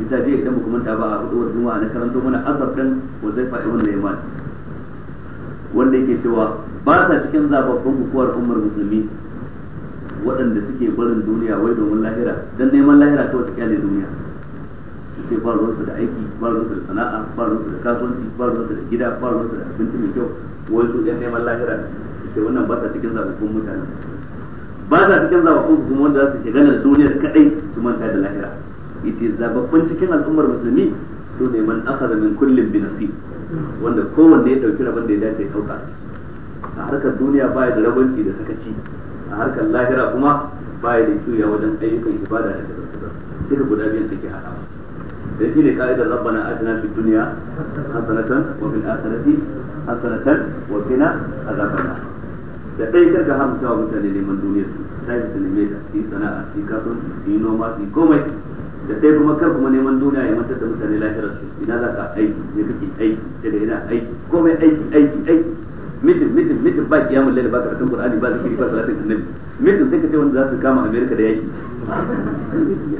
ita jiya idan muku manta ba a hudu juma'a na karanto mana azabtan wannan ya Layman wanda yake cewa ba sa cikin zababbun hukumar umar musulmi waɗanda suke barin duniya wai domin lahira dan neman lahira ta wata kyale duniya suke ba ruwansu da aiki ba ruwansu da sana'a ba ruwansu da kasuwanci ba ruwansu da gida ba ruwansu da abinci mai kyau wai su ɗan neman lahira ce wannan ba sa cikin zababbun mutane ba sa cikin zababbun hukumar wanda za su shiga na duniya kaɗai su manta da lahira yace zababbun cikin al'ummar musulmi to ne man akhadha min kullin bi wanda kowanne ya dauki rabon da ya dace ya dauka a harkar duniya baya da rabanci da sakaci a harkar lahira kuma baya da kiyaye wajen ayyukan ibada da kaza duka guda biyan take harama. da shi ne ka'idar rabbana atina fid dunya hasanatan wa fil akhirati hasanatan wa qina azabannar da dai karka hamsa wa mutane neman duniyar su sai su neme ta su sana'a su kasuwanci su noma su komai da sai kuma kar kuma neman duniya ya mantar da mutane lahirar su ina za ka aiki ne kake aiki daga ina aiki komai aiki aiki aiki mitin mitin mitin ba kiyamul lail ba ka rakan qur'ani ba zikiri ba salatin annabi mitin sai ka ce wanda za su kama america da yaki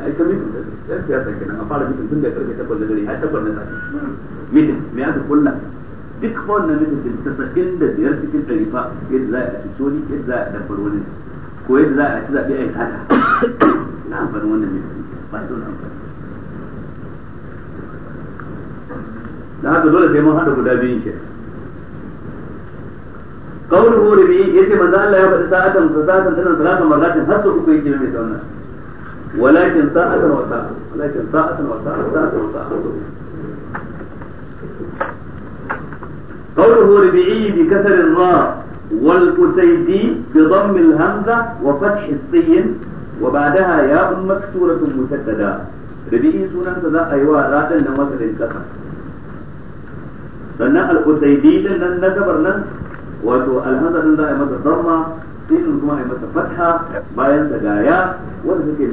ai ka mitin ya siyasa kenan a fara mitin tun da karfe takwas da dare har takwas na safe mitin me aka kulla duk wannan mitin din tasa'in da cikin ɗari fa yadda za a ci soli yadda za a dabbar wani ko yadda za a ci zaɓe a yi tata na amfanin wannan mai ba su da amfani don haka zo sai mun hada guda biyun shirin kawul hori biyu ya ce manzo Allah ya faɗi sa'atan sa sa'atan tana salatan marlatin har sau uku yake mai ta walakin sa'atan wa sa'atan walakin sa'atan wa sa'atan sa'atan wa sa'atan قوله والقتيبي بضم الهمزة وفتح السين وبعدها ياء مكسورة مشددة ربيعي سنة ذا أيوا رادا نمت للكسر sannan al'usaidi din nan na gabar nan wato alhamza din za a yi masa dhamma sinin kuma a yi masa fatha bayan sa gaya wanda suke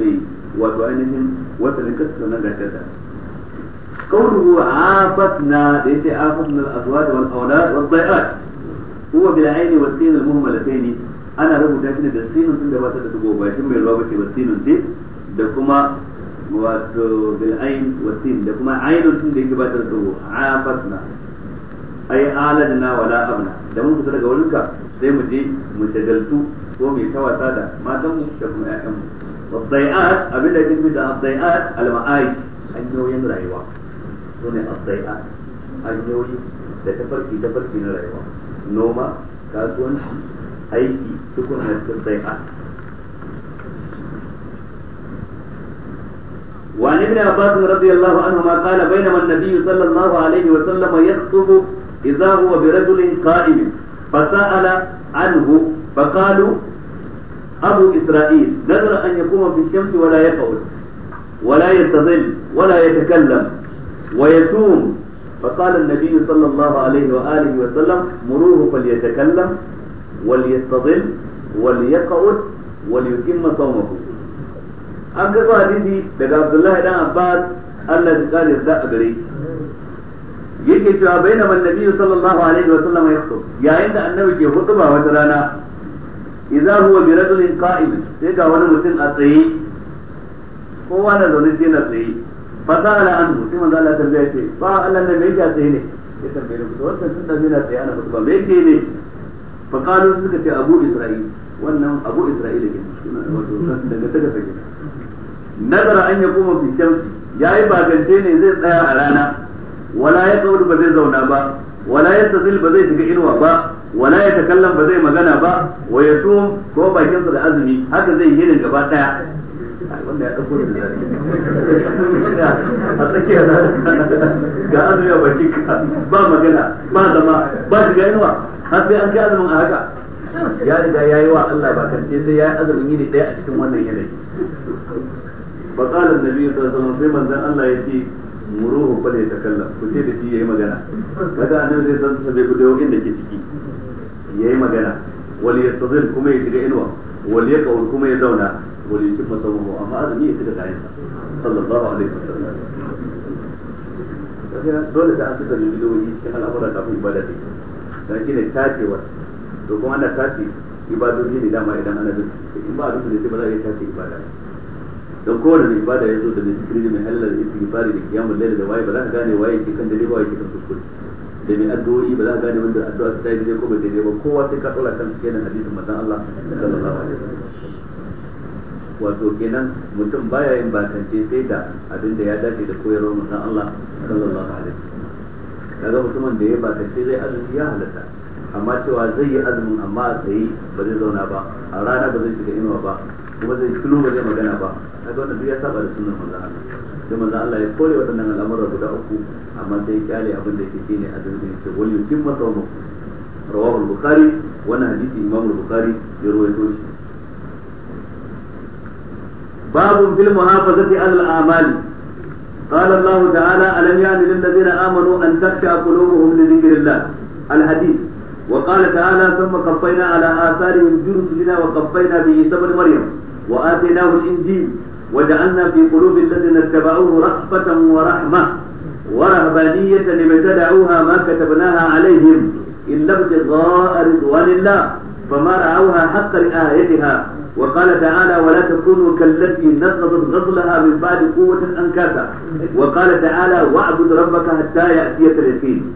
wato ainihin kasa قوله عافتنا ليس عافتنا الأزواج والأولاد والضيئات huwa bil aini wa sin ana rubuta shi da sinun tunda ba ta da dugo ba shin mai ruwa bace da kuma wato bil ain da kuma ainun tun da yake ba ta da dugo afatna da mun daga sai mu je mu ko da matan da kuma والضيئات أبدا يجب الضيئات المعايش hanyoyin rayuwa su ne asai'a hanyoyi da tafarki tafarki na rayuwa noma kasuwanci aiki duk wannan cikin وعن ابن عباس رضي الله عنهما قال بينما النبي صلى الله عليه وسلم يخطب إذا هو برجل قائم فسأل عنه فقالوا أبو إسرائيل نذر أن يقوم في الشمس ولا يقعد ولا يستظل ولا يتكلم ويصوم فقال النبي صلى الله عليه وآله وسلم مروه فليتكلم وليستظل وليقعد وليتم صومه an kafa hadisi daga Abdullahi dan Abbas Allah ya kare da a gare yake cewa bainama annabi sallallahu alaihi wa sallam ya khutub yayin da annabi ke hutuba wata rana idza huwa bi rajulin qa'im sai ga wani mutum a tsaye kowa na zaune sai tsaye fa sa'ala anhu sai manzo Allah tambaya ce ba Allah ne mai ya ne ya tambaye ku wannan sun da yana tsaye ana ba me yake ne fa qalu suka ce abu isra'il wannan abu isra'il ne suna wato daga daga sake nazara an ya kuma fi shamsi yayi bagance ne zai tsaya a rana wala ya kaulu ba zai zauna ba wala ya tazil ba zai shiga inuwa ba wala ya takallam ba zai magana ba wa ya ko bakinsa da azumi haka zai yi gaba daya wanda ya dauko da a na, ga azumi a baki ba magana ba zama ba shiga inuwa har sai an kai azumin a haka ya riga ya yi wa Allah ba kan sai ya yi azumin yini ɗaya a cikin wannan yanayi Ba tsarin da biyu sallallahu zama wasallam sai manzon Allah ya ce muruhu fa la takalla, ku ce da shi ya yi magana kaga anan zai san sabai ku dawo inda ke ciki yi magana wal yastazil kuma ya shiga inuwa wal yaqul kuma ya zauna wani yakin azumi ya cika kayan sallallahu alaihi dole da an suka yi cikin al'amura kafin ibada ta shi ne to kuma ana tace ibadoji ne dama idan ana bin in ba a rubuta ba za a tace ibada don kowane mai ibada ya zo da mai zikiri mai da da waye ba za ka gane waye ke kan dare waye ke kan kuskure da mai addu'o'i ba za ka gane wanda addu'a ta yi ko daidai ba kowa sai ka kan cikin hadisin Allah sallallahu alaihi wasallam wato kenan mutum baya yin batance sai da abin da ya dace da koyarwar manzon Allah sallallahu alaihi wasallam kaga mutumin da ya batance zai azumi ya halatta amma cewa zai yi azumin amma a tsaye ba zai zauna ba a rana ba zai shiga inuwa ba kuma zai tuno ba zai magana ba kaga wannan duk ya saba da sunnar manzo Allah sai maza Allah ya kore wannan al'amuran guda uku amma sai ya kyale abin da yake shine azumi ce wal yutimma sawmakum rawahu al-bukhari wannan hadisi imam al-bukhari ya rawaito shi باب في المحافظة على الأعمال قال الله تعالى ألم يعني للذين آمنوا أن تخشى قلوبهم لذكر الله الحديث وقال تعالى ثم قفينا على آثارهم برسلنا وقفينا بعيسى بن مريم وآتيناه الإنجيل وجعلنا في قلوب الذين اتبعوه رأفة ورحمة ورهبانية ابتدعوها ما كتبناها عليهم إلا ابتغاء رضوان الله فما رعوها حق لآيتها وقال تعالى ولا تكونوا كالتي نقضت غزلها من بعد قوة أنكاسا وقال تعالى واعبد ربك حتى يأتيك اليقين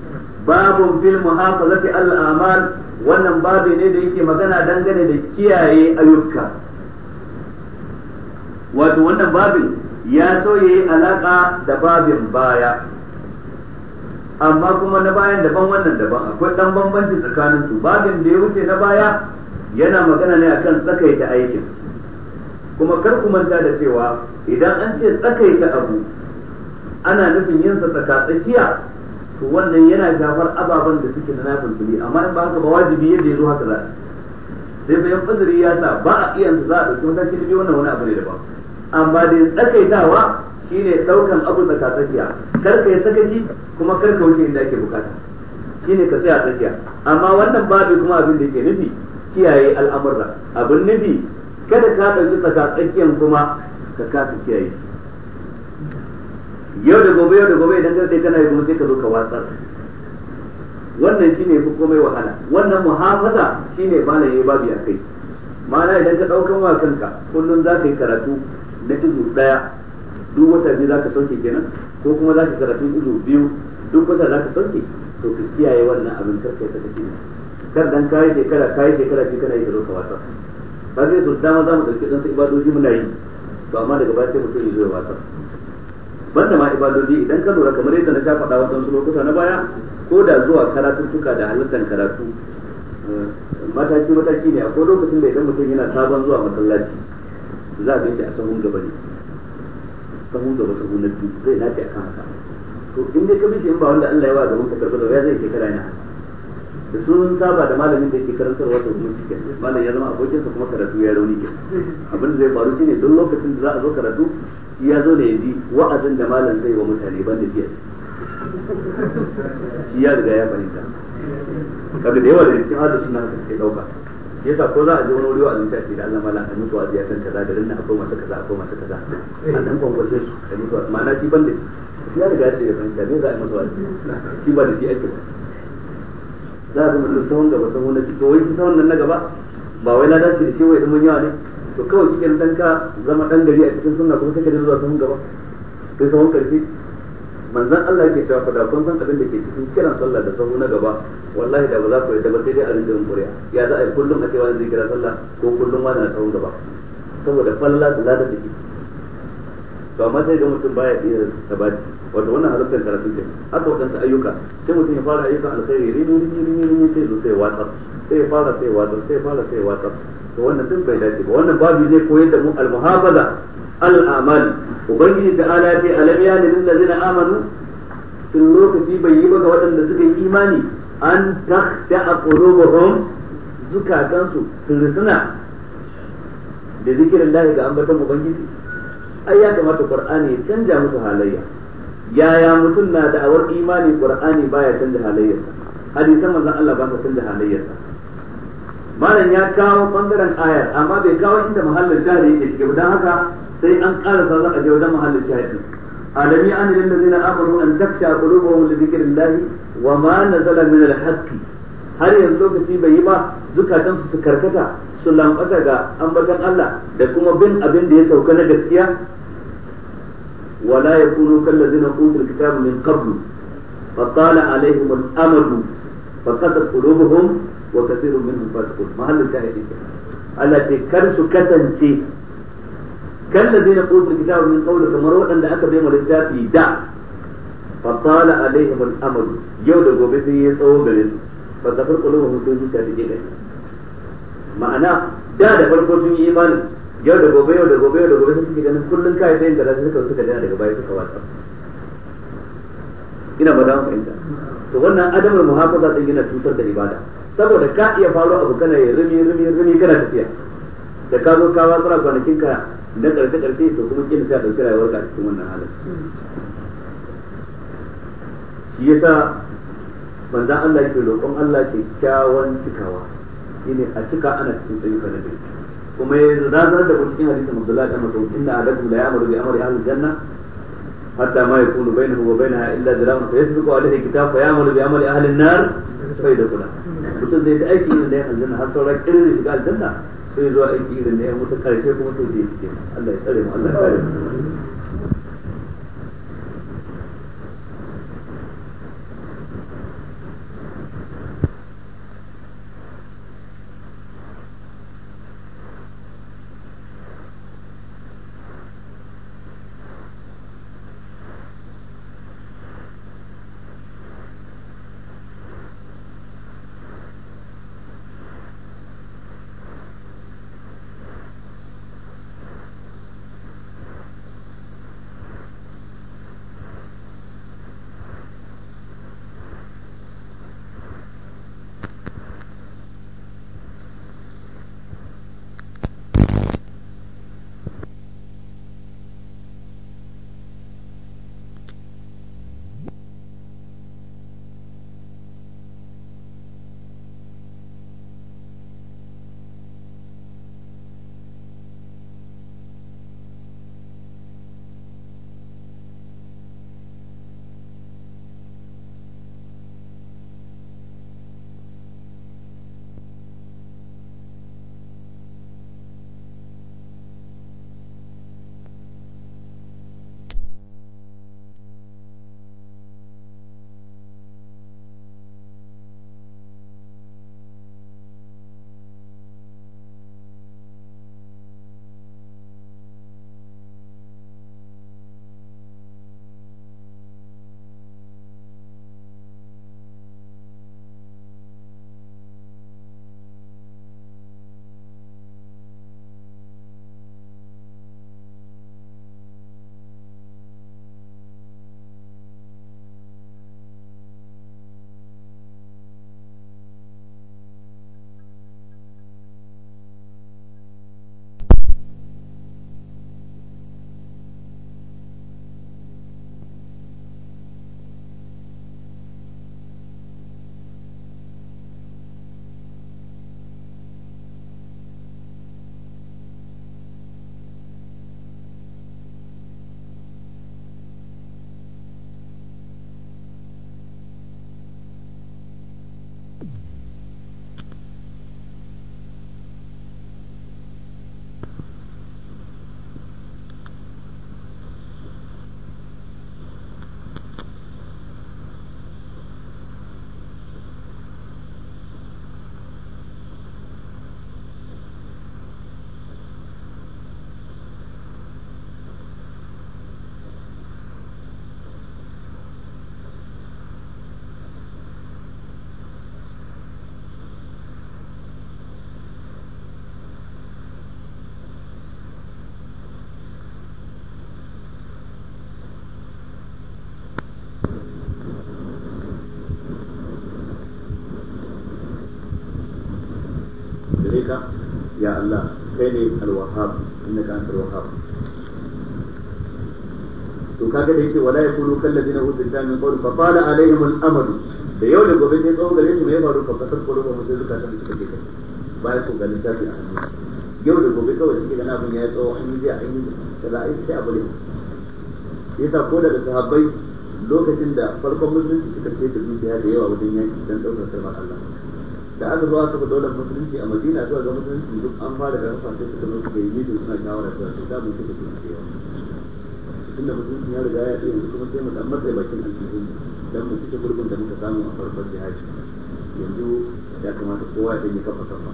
باب في المحافظة على الأعمال wannan babu ne da yake magana dangane da kiyaye ayyuka wato wannan babin ya so ya yi alaka da babin baya amma kuma na bayan daban wannan daban akwai dan bambanci tsakanin su babin da ya wuce na baya yana magana ne akan tsakaita aikin kuma kar ku manta da cewa idan an ce tsakaita abu ana nufin yin sa tsaka tsakiya to wannan yana shafar ababen da suke na nafilfili amma in ba haka ba wajibi yadda ya zo haka za sai bayan fazari ya sa ba a iya za a ɗauki matakin na biyu wannan wani abu ne daban amma da tsakaitawa shine ɗaukan abu tsaka tsakiya kar ka yi sakaci kuma kar ka wuce inda ake bukata shine ka tsaya tsakiya amma wannan babu kuma abin da ke nufi kiyaye al'amurra abin nufi kada ka ɗauki tsakatsakiyan kuma ka kasa kiyaye shi yau da gobe yau da gobe idan kai kana yi kuma sai ka zo ka watsar wannan shine fi komai wahala wannan muhafaza shine malaye babu ya kai ma'ana idan ka ɗaukan wa kanka kullum za ka yi karatu na izu ɗaya duk wata biyu za ka sauke kenan ko kuma za ka karatu izu biyu duk wata za ka sauke to ka kiyaye wannan abin karkai ta kake kar dan kai shekara kai shekara shi kana yi da ka wasa ba zai su dama za mu dauki dan su ibadoji muna yi to amma daga baya sai mutum yi zo wasa banda ma ibadoji idan ka lura kamar yadda na sha faɗa wasan su lokuta na baya ko da zuwa karatuttuka da halittar karatu eh, mataki mataki ne akwai lokacin da idan mutum yana sabon zuwa masallaci za a ganshi a sahun gaba ne sahun gaba sahun na biyu zai nace kan haka to in dai ka bi shi in ba wanda Allah ya wa gaban ka karɓi da ya zai shekara ne haka da sun saba da malamin da ke karantar wata kuma cikin malam ya zama abokin sa kuma karatu ya rauni ke abin da zai faru shine don lokacin da za a zo karatu ya zo ne ji wa'azin da malam zai wa mutane ban da jiya shi ya riga ya fahimta kabi da yawa da cikin hada suna haka ke dauka yasa ko za a je wani wuri wa'azin sa da Allah malam a mutuwa ya kan kaza da nan akwai masu kaza akwai masu kaza a nan kwankwashe su a mutuwa ma'ana shi ban da shi ya riga ya fahimta ne za a yi masa wa'azi shi ba da shi ake ba za sahun ba wai da wai mun yawa ne to kawai shi kenan dan ka dan gari a cikin sunna gaba kai Allah yake cewa fada kun san abin da ke cikin kiran sallah da sahun na gaba wallahi da ba za ku yarda ba sai dai a rinda yin ya za a yi kullum a cewa zai kira sallah ko kullum wani na sahun gaba saboda falla da lada da ke to amma sai da mutum baya iya sabati wato wannan halartar karatu ke haka waɗansu ayyuka sai mutum ya fara ayyukan alkhairi rini rini rini rini sai zo sai watsar sai ya fara sai watsar sai ya fara sai watsar to wannan duk bai dace ba wannan babu zai koyar da mu Al almuhafaza al'amali ubangiji ta ala ce alam ya lil zina amanu sun lokaci bai yi maka ga waɗanda suka yi imani an tahta qulubuhum zukatansu sun risuna da zikirin lahi ga ambaton ubangiji ai ya kamata qur'ani ya canja musu halayya yaya mutum na da awar imani qur'ani baya canza halayyarsa hadisan manzon Allah ba ta canza halayyarsa malam ya kawo bangaren ayar amma bai kawo inda mahallin shahidi yake cikin dan haka sai an karasa za a je wajen mahallin shahidi alami an lil ladina amanu an taksha qulubuhum li dhikrillah wa ma nazala min al har yanzu lokaci bai yi ba zukatan su karkata su lambata ga ambatan Allah da kuma bin abin da ya sauka na gaskiya ولا يكونوا كالذين اوتوا الكتاب من قبل فطال عليهم الامل فقست قلوبهم وكثير منهم فاسقون محل الشاهد التي كرس كتنتي كالذين اوتوا الكتاب من قبل كما روى ان اكا بهم الكتاب دا فطال عليهم الامل يوم gobe sai ya tsawo gare su fa zafar qulubuhum sun zuciya take gani ma'ana da da farko sun yi imanin yau da gobe yau da gobe yau da gobe sun suke ganin kullun kai sai da suka suka dana daga baya suka wata ina ba dama fahimta to wannan adamul muhafaza din yana cutar da ibada saboda ka iya faru abu kana ya rumi rumi rumi kana tafiya da ka zo ka watsara kwanakin ka na karshe karshe to kuma kin sai dauki rayuwar ka cikin wannan halin shi yasa manzon Allah yake roƙon Allah kyawan cikawa shine a cika ana cikin tsayuka na dai kuma ya zazanar da ku cikin hadisin Abdullah da Mas'ud inna adakum la ya'muru bi amri ahli janna hatta ma yakunu bainahu wa bainaha illa dira'un fa yasbiqu alayhi kitab fa ya'malu bi amri ahli an-nar fa yadkhula mutum zai ta aiki inda da ya janna har sauran irin shiga aljanna sai zuwa aiki inda da ya mutu karshe kuma sai ya yi Allah ya tsare mu Allah ya tsare mu ka ya Allah kai ne alwahab inna ka antar wahab to kaga da yake wala yakunu kal ladina utul kitab min qawl fa qala alaihim al-amr da yau da gobe sai tsawo gare su mai faru fa kasar qulubu musu suka ta suka ba ya ko ga littafi a hannu yau da gobe kawai suke ganin abin ya tsawo an yi zai an yi a yi sai abu ne yasa ko daga sahabbai lokacin da farkon musulunci suka ce da zuciya da yawa wajen yaki dan daukar kalmar Allah da aka zo aka dole musulunci a madina zuwa ga musulunci duk an fara da rafa sai suka zo suka yi mijin suna shawara cewa su da mutum da suna cewa tun da musulunci ya riga ya yanzu kuma sai mu dan matsayi bakin aljihu dan mu cike gurbin da muka samu a farkon jihadi yanzu ya kamata kowa ya yi kafa kafa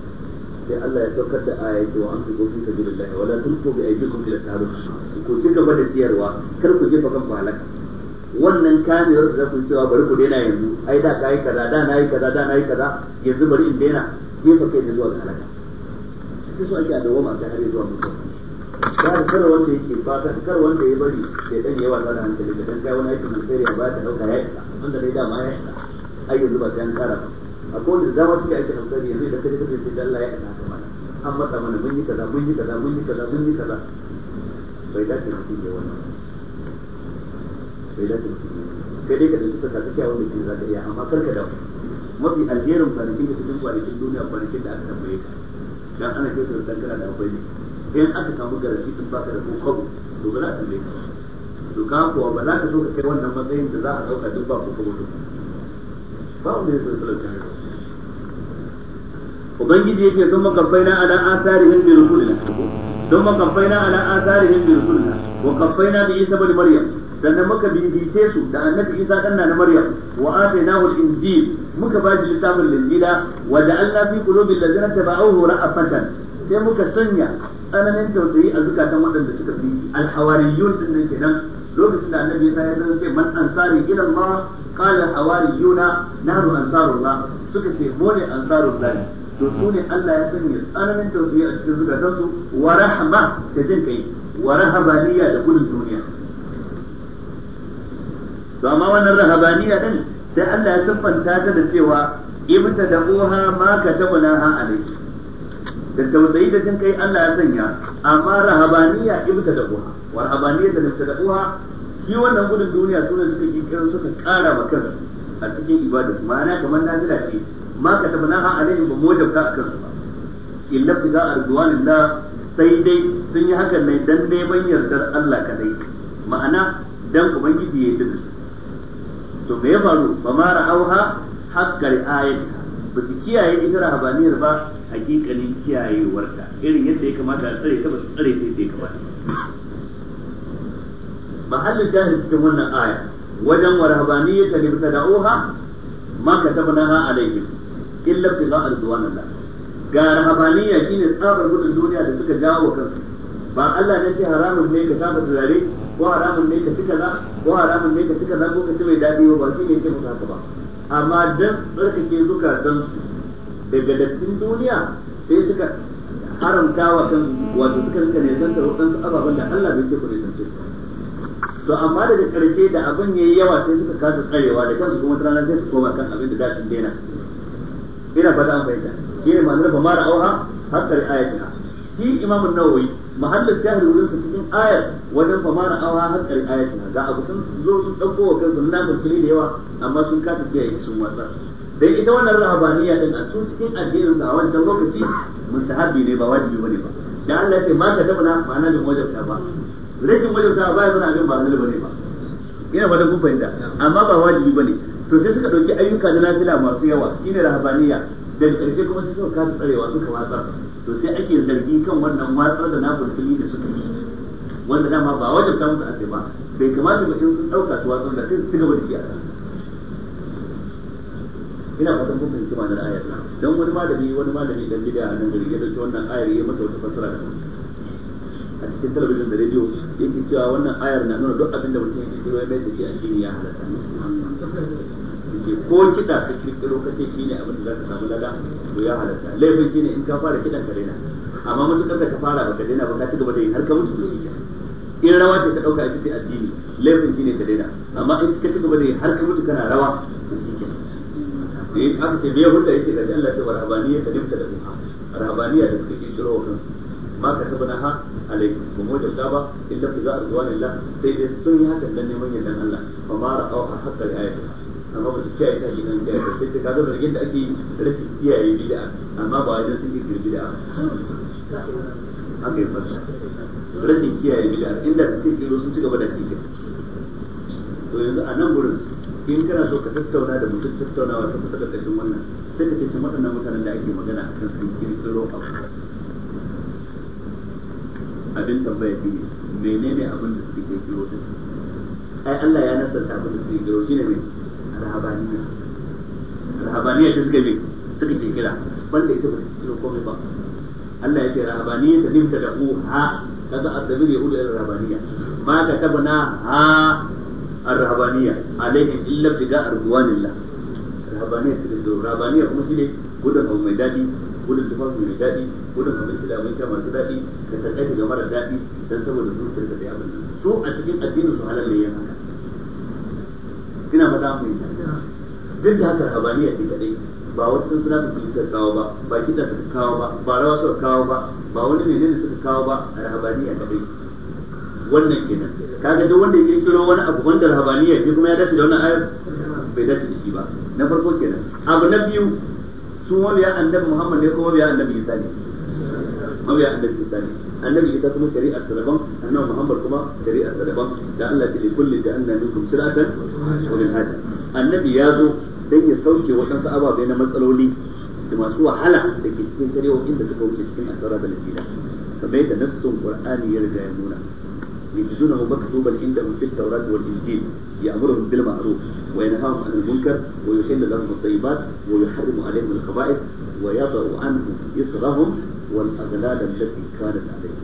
sai Allah ya saukar da aya cewa an fi gofi sabilillah wala tulqu bi aydikum ila taharush ko cika gaba da ciyarwa kar ku jefa kanku halaka wannan kamewar da kun cewa bari ku daina yanzu ai da kai kaza da nayi kaza da nayi kaza yanzu bari in daina ke fa kai da zuwa ga halaka sai so ake adawa ma har zuwa mutuwa da kar wanda yake da kar wanda ya bari ya dan yawa da hankali da dan kai wani aikin alheri ya ba ta dauka ya isa wanda dai da ma ya isa ai yanzu ba ta an kara ba akwai wanda dama suke aikin alheri yanzu da kai kai da Allah ya isa ka mana an mata mana mun yi kaza mun yi kaza mun yi kaza mun yi kaza bai dace mutum ya wannan bai dace kai dai ka dauki saka ta kyawun da shi za iya amma kar ka dawo mafi alherin kwanakin da cikin kwanakin duniya kwanakin da aka tambaye ka dan ana kai da dangana da akwai ne in aka samu garanti din baka da ko kwabo to ba za a tambaye ka to ka kuwa ba za ka so ka kai wannan matsayin da za a dauka duk ba ko kwabo ba wanda ya zo talauta ne ubangiji yake sun makabbaina ala asarihim bi rusulina sun makabbaina ala asarihim bi rusulina wa na bi isa bin maryam sannan muka bibice su da annabi Isa dan na Maryam wa atainahu al-injil muka ba shi littafin linjila wa ja'alna fi qulubi allazina tabauhu ra'afatan sai muka sanya tsananin tausayi a zukatan waɗanda suka bi al din nan kenan lokacin da annabi Isa ya san sai man ansari ila Allah qala hawariyuna nahnu ansarullah suka ce mu ne ansarullah to su ne Allah ya sanya tsananin tausayi a cikin zukatansu wa rahma da jin kai wa rahabaniya da gudun duniya to amma wannan rahabaniya din sai Allah ya siffanta ta da cewa ibta da uha ma katabna ha alayhi da tausayi da jin kai Allah ya sanya amma rahabaniya ibta da uha wa rahabaniya da ibta da uha shi wannan gudun duniya sunan suka kirkiro suka kara maka a cikin ibada ma'ana kamar na nazira ce ma ka katabna ha alayhi ba mojabta akan su ba illa tiga arduwanillah sai dai sun yi hakan ne dan neman yardar Allah kadai ma'ana dan ubangiji ya yi to me ya faru ba ma ra'auha hakkar ayatiha ba su kiyaye ita rahabaniyar ba hakikanin kiyayewarta irin yadda ya kamata a tsare ta ba su tsare sai yadda ya kamata mahallin shahid cikin wannan aya wajen wa rahabaniyata ta da da'uha ma da alaihim illa ibtigha ridwanillah ga rahabaniya shine tsabar gudun duniya da suka jawo kansu ba Allah ne ce haramun ne ka saba turare ko haramun ne ka tuka ko haramun ne ka tuka za ko ka ci mai daɗi ba shi ne ke musu haka ba amma dan ke zukatan su daga dattin duniya sai suka haramta wa kan wato suka rinka ne san waɗansu ababen da Allah bai ce ku ne san to amma daga ƙarshe da abin yayi yawa sai suka kasa tsarewa da kansu kuma ranar sai su koma kan abin da da daina ina fata an fahimta shi ne ma'anar ba mara auha har ƙari ayatina shi imam nawawi mahallin shahid wurin sa cikin ayar wajen famara awa har ƙarshen ayatina ga abu sun zo sun ɗauko wa kansu na tafsiri da yawa amma sun kata kasa yi sun watsa dai ita wannan rahabaniya din a sun cikin addinin sa a wancan lokaci mustahabi ne ba wajibi bane ba da Allah ya ce ma ka dabana ba na bin wajabta ba rashin wajabta ba ya zana abin ba halal bane ba ina fatan kun fahimta amma ba wajibi bane to sai suka dauki ayyuka na nafila masu yawa shine rahabaniya daga ƙarshe kuma sai suka kasa tsarewa suka watsar to sai ake zargi kan wannan watsar da na fulfili da suka yi wanda dama ba wajen ta musu ake ba bai kamata ba in sun ɗauka su watsar da sai su ci gaba da shi a ina fatan kun fahimci ma'anar ayar don wani malami wani malami dan gida a nan gari ya dauki wannan ayar ya masa wata fassara da a cikin talabijin da rediyo yake cewa wannan ayar na nuna duk abin da mutum ya ke ya mai da shi addini ya halatta ke ko kiɗa ka kirkiro ka ce shi ne abin da za ka samu lada to ya halatta laifin shi ne in ka fara kiɗan ka daina amma mutum da ka fara ba ka daina ba ka ci gaba da yin har ka mutu to shi in rawa ce ka ɗauka a ce addini laifin shi ne ka daina amma in ka ci gaba da yin har ka mutu kana rawa to shi kenan eh aka ce me hulɗa yake da Allah ta warhabaniya ta dimta da buha rahabaniya da suka kirkiro wa kansu ma ka taba na ha alaikum kuma wajen ba illa ku za a zuwa lillah sai dai sun yi hakan dan neman yardan Allah amma ra'au a haqqal ayati amma ba su kiyaye ta gidan kiyaye ta sai kaga zargin da ake yi rashin kiyaye bid'a amma ba wajen sun yi bid'a haka yi fasa rashin kiyaye bid'a inda da suke kiro sun ci gaba da cikin to yanzu a nan gurin in kana so ka tattauna da mutum tattaunawa ta kusa da karkashin wannan sai ka ce waɗannan mutanen da ake magana a kan sun kirkiro abu abin tambaya shi ne menene abin da suke kirkiro din ai Allah ya nasarta abin da suke kirkiro shine ne rahabaniya rahabaniya ta suka me suka kirkira banda ita ba su kirkira komai ba Allah ya ce rahabaniya ta nimta da uha kaga addabir yahudu da rahabaniya ma ka tabana ha الرهبانية عليهم إلا ابتداء رضوان الله رهبانية سيدو rahabaniya kuma shine gudun abu mai daɗi gudun tufafi mai daɗi gudun abinci da masu daɗi da sarƙaƙi ga mara daɗi don saboda zuciyar da ya abin su a cikin addinin su halal haka ina fata mu yi duk da haka habaniya ce kadai ba wata suna da suka kawo ba ba kiɗa suka kawo ba ba rawa suka kawo ba ba wani menene suka kawo ba a rahabaniya kadai wannan kenan kaga duk wanda ya kirkiro wani abu wanda rahabaniya ce kuma ya dace da wannan ayar bai dace da shi ba na farko kenan abu na biyu su wani ya annabi Muhammad ne ko wani ya annabi Isa ne mawuya annabi Isa annabi ita kuma shari'ar sa daban annabi Muhammad kuma shari'ar sa daban da Allah ta likulli da anna minkum siratan wa min annabi ya zo dan ya sauke waɗansu ababe na matsaloli da masu wahala da ke cikin shari'o'in da suka wuce cikin asara da lafiya kamar yadda nassun Qur'ani ya riga ya nuna يجدونه مكتوبا عندهم في التوراة والإنجيل يأمرهم بالمعروف وينهاهم عن المنكر ويحل لهم الطيبات ويحرم عليهم الخبائث ويضع عنهم إصرهم والأغلال التي كانت عليهم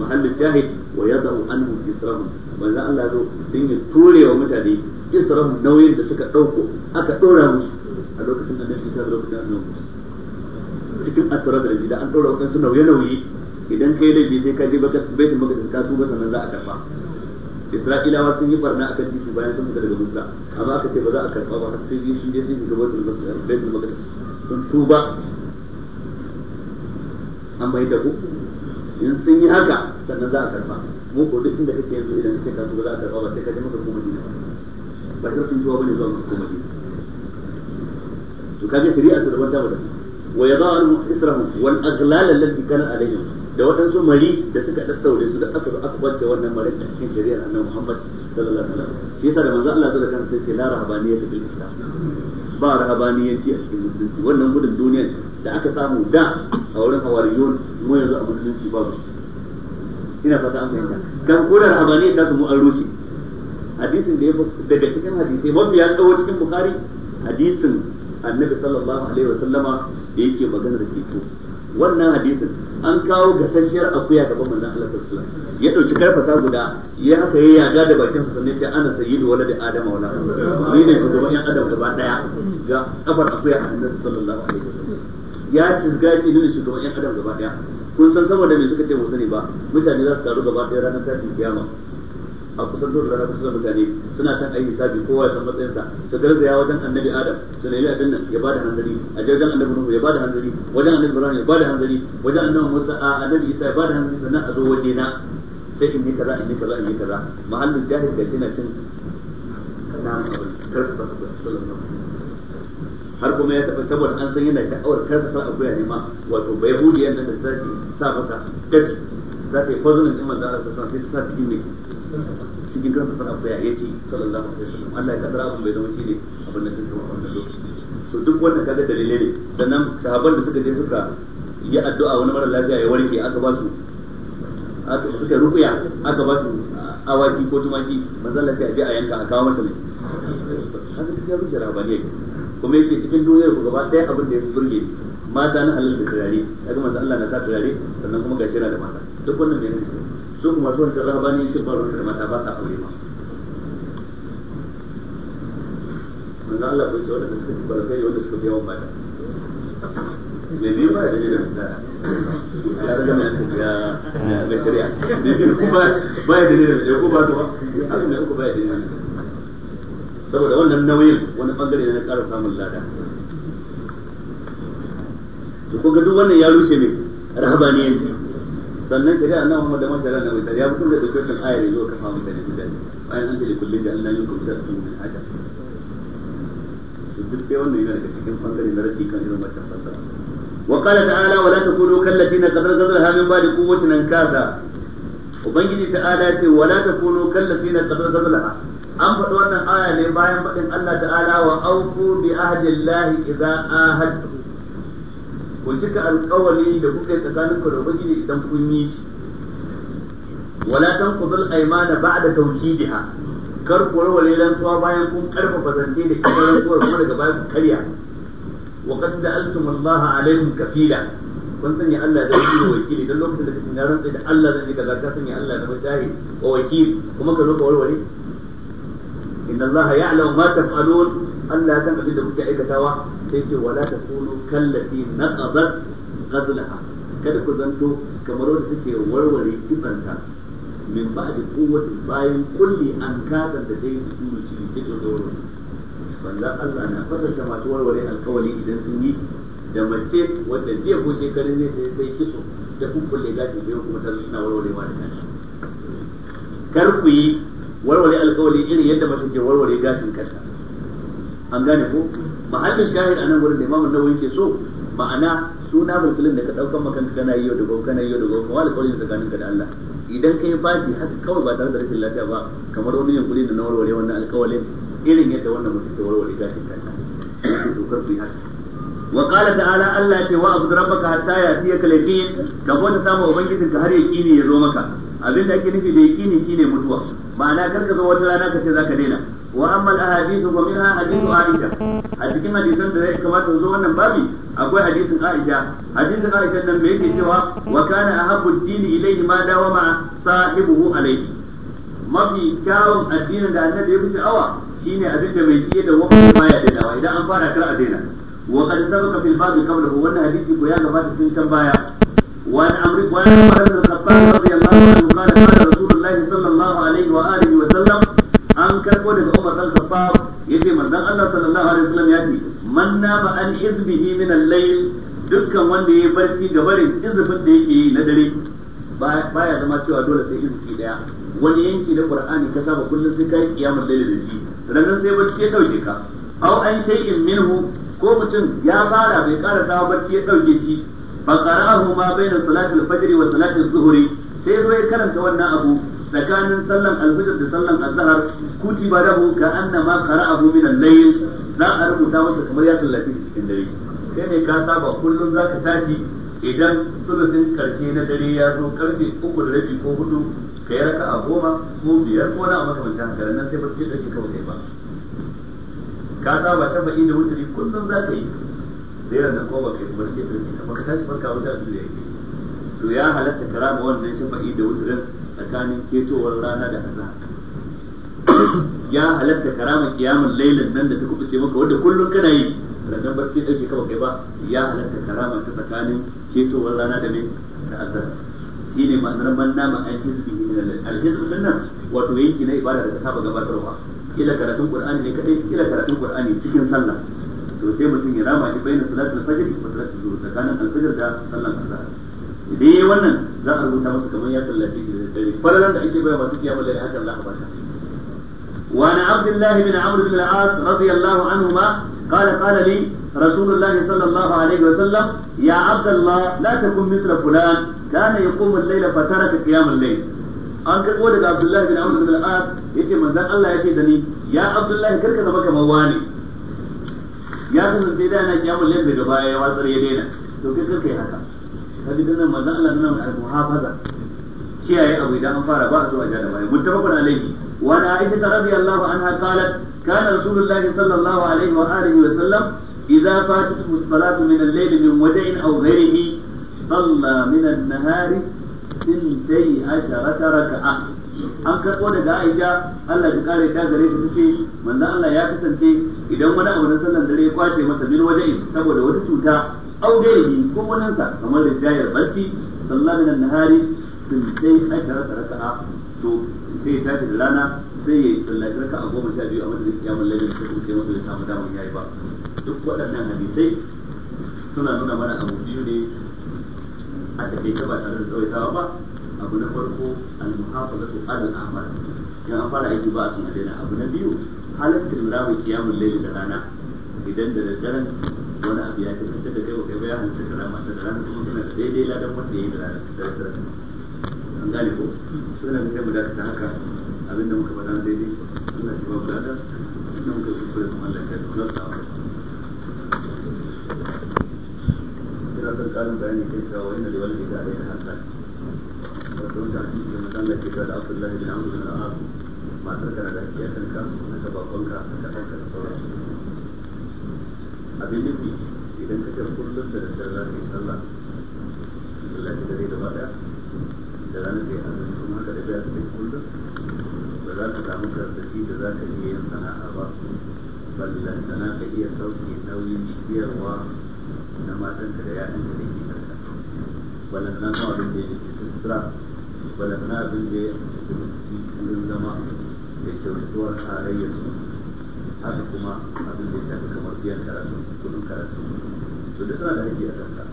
محل الشاهد ويضع عنهم إصرهم ولا الله ذو دين توري ومتعدي إصرهم نوين بسكة أوكو أكا أورا مش ألوكة النبي كتاب لوكة النبي cikin asirar da da an ɗora waɗansu nauye-nauye idan kai laifi sai ka je baitin maqdis ka tuba sannan za a karba isra'ilawa sun yi barna akan titi bayan sun fita daga musa amma aka ce ba za a karba ba har sai sun je sun shiga baitin maqdis sun tuba an bai da ku in sun yi haka sannan za a karba mu ko duk inda kake yanzu idan kace ka tuba za a karba ba sai ka je maka ko madina ba ba sai sun tuba bane zuwa maka ko madina to kaje shari'a ta da wanda ba wa yadha'u israhum wal aghlal allati kana alaihim da waɗansu mari da suka ɗaɗɗaure su da aka aka barce wannan mari a cikin shari'ar annabi Muhammad sallallahu alaihi wasallam shi yasa da manzo Allah sallallahu alaihi wasallam sai la rahabaniyya ta bil islam ba rahabaniyanci a cikin musulunci wannan gudun duniya da aka samu da a wurin hawariyon mu yanzu a musulunci babu shi ina fata an fahimta dan ko da rahabaniya da mu an rushe hadisin da ya daga cikin hadisi mafi ya tsawo cikin bukhari hadisin annabi sallallahu alaihi wasallama da yake da ceto wannan hadisin an kawo gasasshiyar akuya gaban manzon Allah sallallahu alaihi wasallam ya dauki karfasa guda ya haka ya yaga da bakin sa sannan sai ana sayyidu wala da adama wala ni ne shugaban yan adam gaba daya ga kafar akuya a nan sallallahu alaihi wasallam ya tsiga ce ne shugaban yan adam gaba daya kun san saboda me suka ce mu sani ba mutane za su taru gaba daya ranar tashin kiyama a kusan dole rana kusan mutane suna san ayi hisabi kowa ya san matsayinsa su garzaya wajen annabi adam su nemi abin nan ya bada hanzari a jirgin annabi nuhu ya bada hanzari wajen annabi ibrahim ya bada hanzari wajen annabi musa a annabi isa ya bada hanzari sannan a zo waje na sai in yi kaza in yi kaza in yi kaza mahallin jahil da yana cin har kuma ya taɓa saboda an san yana sha'awar karfasa a guya ne ma wato bai hudu yadda da sarki sa masa gaji za ta yi kwazunan ɗin manzo Allah sallallahu sai ta cikin ne cikin kansa sana koya yace sallallahu alaihi wasallam Allah ya kaddara abin bai zama shine abin da kake wannan lokaci to duk wannan kaga dalilai ne sannan sahabban da suka je suka yi addu'a wani mara lafiya ya warke aka ba su aka suka rukuya aka ba su awaki ko tumaki manzo Allah ya je a yanka a kawo masa ne haka take rubuta rabaniya kuma yake cikin duniyar gaba ɗaya abin da ya burge ni mata na halal da turare kaga manzo Allah na sa turare sannan kuma gashi yana da mata duk wannan ne su kuma su wanda rahabani shi ba da mata ba sa aure ma. manzo Allah ko shi wanda suka fi barkai wanda suka fi yawan mata mai biyu ba da dalilin da ya riga mai aka ya ga shari'a mai biyu kuma ba ya dalilin da ko ba to abin da uku ba ya dalilin saboda wannan nauyin wani bangare ne na ƙara samun lada to ko ga duk wannan ya rushe ne rahabaniyanci sannan shari'a na Muhammad da man shari'a na bai ya mutum da dauke wannan ayar yazo kafa mutane guda ne bayan an ce da da Allah ya kuma ta su min hada duk dai wannan yana daga cikin bangare na rafi kan irin wannan fasara wa qala ta'ala wa la takunu kallatina qadar min ba'di quwwatin ankasa ubangiji ta'ala ce wa la takunu kallatina qadar an faɗi wannan aya ne bayan baɗin Allah ta'ala wa auku bi ku cika alƙawari da kuka yi tsakanin ku da ubangiji idan kun yi shi wala tanqudul aymana ba'da tawkidiha kar ku rawale rantsuwa bayan kun karfafa zance da kiran rantsuwar kuma daga bayan ku karya wa qad da'altum Allah alaihim kafila kun sanya Allah da wakili wakili dan lokacin da kake rantsa da Allah zai kaza ka sanya Allah da wajahi wa wakili kuma ka zo ka warware inna Allah ya'lamu ma taf'alun Allah ya san abin da kuke aikatawa sai ce wala takunu kallati naqabat ghazlaha kada ku zanto kamar wanda suke warware kifanta min ba'di quwwatin bayan kulli an kadan da dai su shi take da warware banza Allah na fadanta masu warware alkawali idan sun yi da mace wanda jiya ko shekarun ne sai sai kisu da kukkulle gashi da kuma ta suna warware ma da gashi kar ku yi warware alkawali irin yadda mace ke warware gashin kanta an gane ko mahallin shahid nan wurin da imamun nawawi ke so ma'ana suna bulkulin da ka daukan makan kana yi yau da gobe kana yi yau da gobe kuma alƙawarin tsakanin ka da Allah idan kai fashi haka kawai ba tare da rashin lafiya ba kamar wani yankuri da na warware wannan alkawalin irin yadda wannan mutum ta warware gashin kanta dokar kar ku yi haka wa qala ta'ala Allah ce wa abdu rabbaka hatta yatiyaka al-yaqin ka bota samu ubangijinka har yaqini ya zo maka abin da ake nufi da yaqini shine mutuwa ma'ana kar ka zo wata rana ka ce zaka daina wa amma al-ahadithu wa minha hadithu Aisha a cikin hadisan da zai kamata zo wannan babi akwai hadisin Aisha hadisin Aisha nan me yake cewa wa kana ahabbu ad-dini ilayhi ma ma sahibuhu alayhi mafi kyawun addinin da annabi ya fi sha'awa shine abin da mai kiyaye da wani baya dainawa idan an fara kar a daina wa qad sabaqa fil bab qablahu wannan hadisi ko ya gabata tun can baya وعن عمرو وعن عمر بن الخطاب رضي الله عنه قال قال رسول الله صلى الله عليه واله وسلم an karbo daga Umar dan Khattab yace manzon Allah sallallahu alaihi ya ce man nama an izbihi min al dukkan wanda yayi barci da barin izbin da yake yi na dare ya zama cewa dole sai izbi daya wani yanki da Qur'ani ka saba kullum sai kai kiyamul layl da shi ranan sai barci ya dauke ka aw an shay'in minhu ko mutum ya fara bai karasa barci ya dauke shi fa ما بين bayna الفجر al الظهر wa salati az sai zo ya karanta wannan abu tsakanin sallan al-fajr da sallan az-zuhr kutiba lahu ka annama qara'ahu min al-layl za a rubuta masa kamar ya tallafi cikin dare kai ne ka saba kullum zaka tashi idan sulusin karshe na dare ya zo karfe uku da rabi ko hudu ka yi raka a goma ko biyar ko na kamar haka nan sai ba ce ɗauke kawai ba ka saba shafa'i da wuturi kullum za ka yi da nan ko baka yi wani ke turki ta baka tashi farka wata abin da yake to ya halatta karama wannan shafa'i da wuturin tsakanin ketowar rana da azhar ya halatta karama kiyamun lailan nan da ta kubuce maka wanda kullum kana yi rannan barci ɗauke ka kai ba ya halatta karama ta tsakanin ketowar rana da mai da Shi ne ma'anar man nama an hizbi min al-hizb din nan wato yanki na ibada da ta saba gabatarwa kila karatun qur'ani ne kadai kila karatun qur'ani cikin sallah to sai mutum ya rama shi bayan salatul fajr da salatul zuhr tsakanin alfajr da sallan azhar idan yayi wannan za a rubuta masa kamar ya sallaci da dare falalan da ake bayar masu kiyamul lail haka Allah ba shi
وعن عبد الله
بن عمرو بن as رضي الله عنهما قال قال رسول الله صلى الله عليه وسلم يا عبد الله لا تكن مثل فلان كان يقوم الليل فترك قيام الليل an karɓo daga Abdullahi bin Amr bin Al-As yace manzon Allah yace da ni ya Abdullahi karka zama kamar wani ya kasance da yana kiyamun lail daga baya ya watsar ya daina to kai kai haka kaji dinnan manzon Allah nan al-muhafaza kiyaye abu idan an fara ba a so a ja da baya muttafaqun alayhi wa an aisha radiyallahu anha qalat kana rasulullahi sallallahu alaihi wa alihi wa sallam idza fatatuhu as-salatu min al-layli min wad'in aw ghayrihi صلى من النهار ثنتي عشرة ركعة an karɓo daga Aisha Allah ya kare ta gare ta tace manzo Allah ya kasance idan wani abu na sallan dare ya kwace masa bil waja'in saboda wata cuta au gairi ko wannan sa kamar da jayar barci sallallahu alaihi nahari sun sai ashara raka'a to sai ta da rana sai ya sallaci raka'a goma sha biyu a madadin kiyamul layl da kuma sai masa ya samu damar yayi ba duk waɗannan hadisai suna nuna mana abu biyu ne a take ba tare da tsawaitawa ba abu na farko al-muhafazatu al amal in an fara aiki ba a sun daina abu na biyu halattar ramu kiyamun laili da rana idan da daren wani abu ya kasance da kai kai ba ya halatta da rana da rana kuma kana da daidai ladan wanda ya yi da rana da rana an gane ko suna da kai mu dakata haka abinda muka faɗa daidai suna ya ba mu ladan inda muka yi kuma Allah ya ba mu ladan ina son ƙarin bayani kai cewa wani da wani da ya haɗa akwai wanda hadisi na Allah ke da Abdullahi bin Amr bin Al-As matar kana da hakki akan ka na tabakon ka da kanka da sauransu abin nufi idan ka ce kullum da daddare za ka yi sallah Allah ya dare gaba daya da ranar da ya azumi kuma ka da biya sai kullum ba za ka samu karsashi da za ka iya yin sana'a ba ballantana ka iya sauke nauyin ciyarwa na matanka da ya'yanka da ke karka ballantana kuma abin da ya ke sutura balantana abin da ya ci wurin zama da kyautatuwar halayyar su haka kuma abin da ya shafi kamar biyan karatu kudin karatu to duk suna da haƙƙi a kanka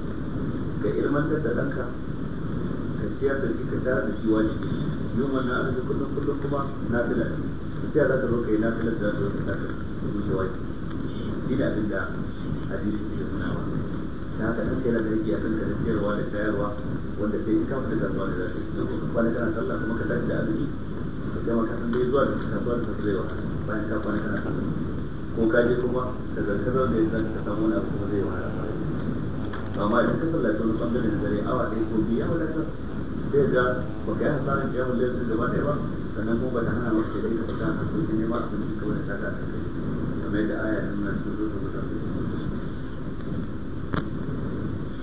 ka ilmantar da ɗanka ka ciyar da shi ka tara da shi wajibi yin wannan abin kullum kullum kuma na fila ne sai za ka zo ka yi na fila da za ka zo ka tara da shi wajibi shi ne abin da hadisi ke nuna ba ta haka ɗan kai da haƙƙi a kanka da ciyarwa da shayarwa wanda kai ka fita da ne za ka kwana kana sallah kuma ka tafi da azumi ka kai maka san dai zuwa da zuwa da kasuwa bayan ka kwana kana sallah ko ka je kuma ka zarka zo da ka samu wani abu kuma zai wahala ba amma idan ka sallah wani bangare da dare awa ɗaya ko biyu ya wadatar sai ga ba ka yi hasaran ya wule da gaba ɗaya ba sannan kuma ba ta hana maka da ka ta a kasuwa ne ba ka kawai da ta kamar yadda aya nuna sun zuwa da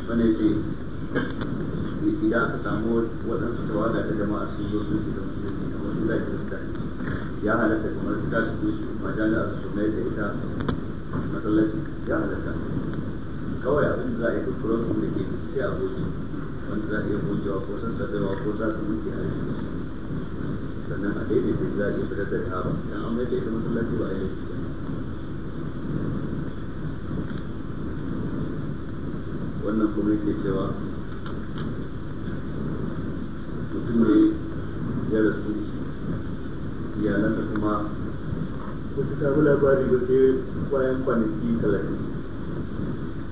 mutane ta idan aka samu waɗansu tawaga ta jama'a sun zo sun shiga musulunci kamar su da kirista ya halatta kamar su tashi su shi majami'ar su mai da ita masallaci ya halatta kawai abin da za a yi kukurar su da ke sai a goge wanda za a iya gogewa ko san sadarwa ko za su muke a yi sannan a daidaita za a iya fitar da ta ba idan an mai da ita masallaci ba a yi wannan kuma yake cewa mutum ne ya rasu iyalansa kuma ko ta samu labari da sai bayan kwanaki talatin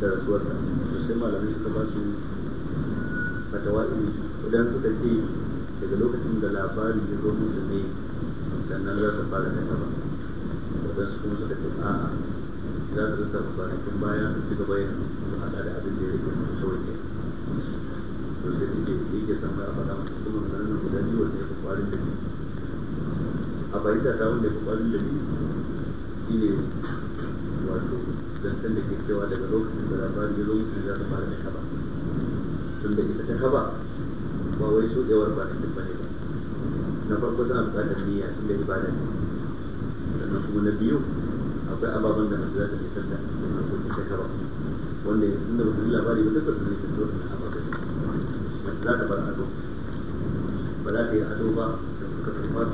da rasuwarsa to sai malamai suka ba su fatawa iri idan suka ce daga lokacin da labari ya zo musu ne sannan za su fara daga ba wadansu kuma suka ce a'a za su rasa kwanakin baya su ci gaba yin su haɗa da abin da ya rike musu sauke wanda yake a faɗa masa cikin maganganun nan guda biyu wanda ya fi ƙwarin da a fahimta ta wanda ya fi ƙwarin da shi ne wato zancen da ke cewa daga lokacin da labarin ya zo musu za ta fara da haba tun da ita ta haba ba wai shuɗewar ba ta ne ba na farko buƙatar niyya tun da ibada ne sannan kuma na biyu akwai ababen da da ta haba wanda yanzu da labari ba ta za ta bar ado ba za ta yi ado ba da suka tumbar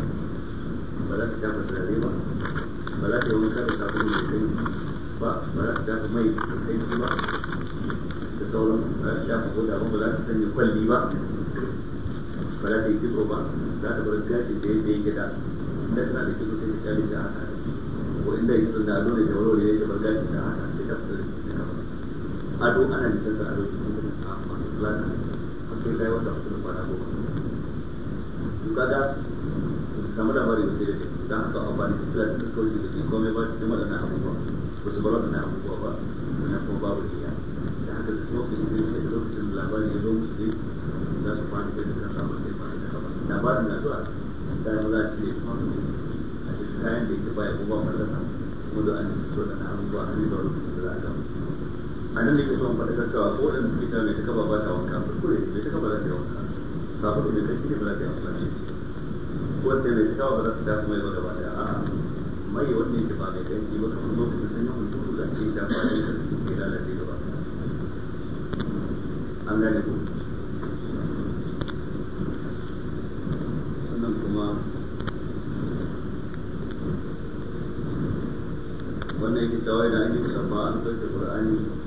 ba za ta shafa turare ba ba za ta yi wanka da sabulu mai kai ba ba za ta shafa mai kai ba da sauran ba za ta shafa hoda ba ba za ta sanya kwalli ba ba za ta yi kitso ba za ta bar gashi da yadda yake gida, inda tana da kitso sai ta kyale da haka ko inda yake kitso da ado ne da warware ne ta bar gashi ta haka sai ta fita da ado ana nisan da ado cikin amma ಸೇರಿ divert ಆಗ್ತಿರೋ ಪಾಠ ಕಮಲ ಬಾರಿ ಸೇರಿದೆ ಗಾಂತ ಅಬ್ಬಾನಿ ಕೊಟ್ಟಿದ್ದೀನಿ ಕೊಮೆ ಬಾರಿ ಕಮಲ ನಾವು ಸುಬರೋ ನಾವು ಬಾಬಾಬಿಯ ಒಂದು ಅನಿಸುತ್ತದೆ ಅನುಭವ ಅನಿಲ್ಲ a nan nake son faɗa cewa a da mutum mai ta kaba ba ta wanka kuskure mai ta kaba za ta yi wanka sabon mai kai ne ba za ta yi amfani ko da mai ta ba za ta dafa mai ba gaba daya a'a mai wanda yake ba mai kai ba kamar lokacin sun yi hunturu da ke shafa ne da ke lalace gaba an gane ku sannan kuma wannan yake cewa idan an yi musamman an sauke qur'ani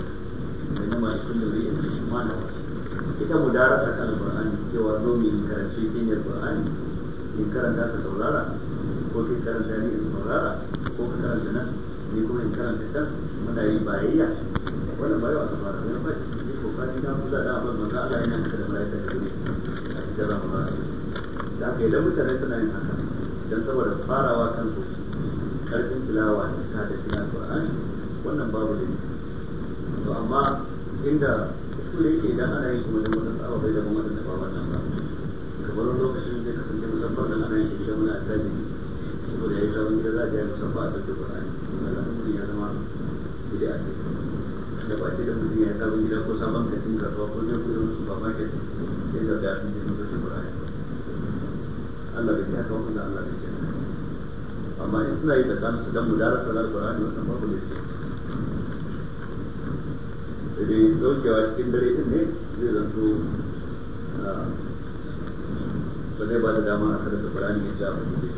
lokacin da zai yi shi mana ita mudarasa kan alqur'ani cewa zo mu karance shi ne alqur'ani in karanta ka saurara ko kai karanta ni in saurara ko ka karanta nan ni kuma in karanta can muna yi bayayya wannan ba yawa kamar ne ba ni ko ka na kula da abin manzo Allah yana da malaika da ne a cikin Ramadan da kai da mutane suna yin haka dan saboda farawa kan su karfin tilawa ta da shi alqur'ani wannan babu ne to amma inda kuskure yake idan ana yin kuma da wannan tsawa bai da kuma da ba wannan ba kamar lokacin zai kasance musamman da ana yin shi da muna tsari saboda yayi sabon gida za ka yi musamman a sauke Qur'ani kuma da al'amuri ya zama gida a cikin da ba ke da mutum ya sabon gida ko sabon katin kasuwa ko ne kudin su ba market sai da ga sun je sun sauke Qur'ani Allah bai haka da Allah bai amma in suna yi da kansu da mudarasa na Qur'ani wannan babu laifi da saukewa cikin dare din ne zai zanto ba zai ba da dama a karanta Qur'ani ya ji abin da ke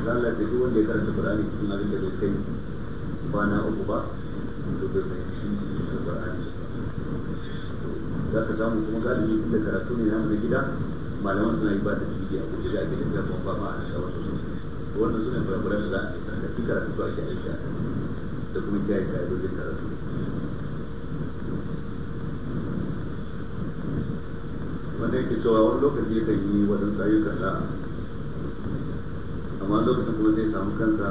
ba Allah ta duk wanda ya karanta Qur'ani cikin abin da bai kai kwana uku ba to bai mai fahimci Qur'ani za ka samu kuma galibi inda karatu ne namu na gida malaman suna yi ba da jiki a kuma da ake da ba ma a shawa sosai wannan suna fura-furan da za a yi karatu a shi a da kuma kiyaye ka'idojin karatu wanda yake cewa wani lokaci ya yi waɗansu ayyukan da amma lokacin kuma zai samu kansa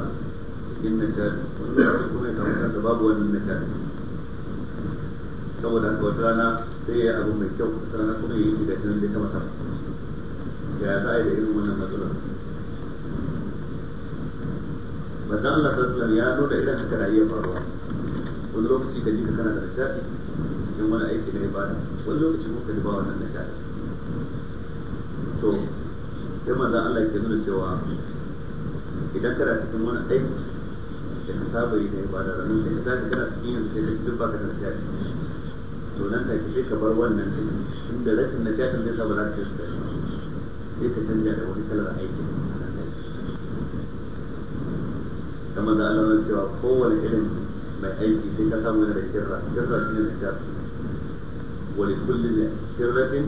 cikin nishadi wani lokaci kuma ya samu kansa babu wani nishadi saboda haka wata rana sai ya yi abu mai kyau wata rana kuma ya yi gashi nan da sama sama ya za a yi da irin wannan matsalar manzon Allah sallallahu alaihi ya nuna idan haka na iya faruwa wani lokaci ka ji ka kana da nishadi cikin wani aiki na ibada wani lokaci kuma ka ji ba wannan nishadi to sai manzon Allah ke nuna cewa idan kana cikin wani aiki da ka saba yi kai ba da ranar da ka tashi kana cikin yin sai duk ba ka da nishaɗi to nan take sai ka bar wannan cikin inda rashin nishaɗin zai sa ba za ka yi sai ka canja da wani kalar aiki kamar da Allah zai cewa kowane irin mai aiki sai ka samu yana da shirra shirra shi ne da shirra wani kullum da shirratin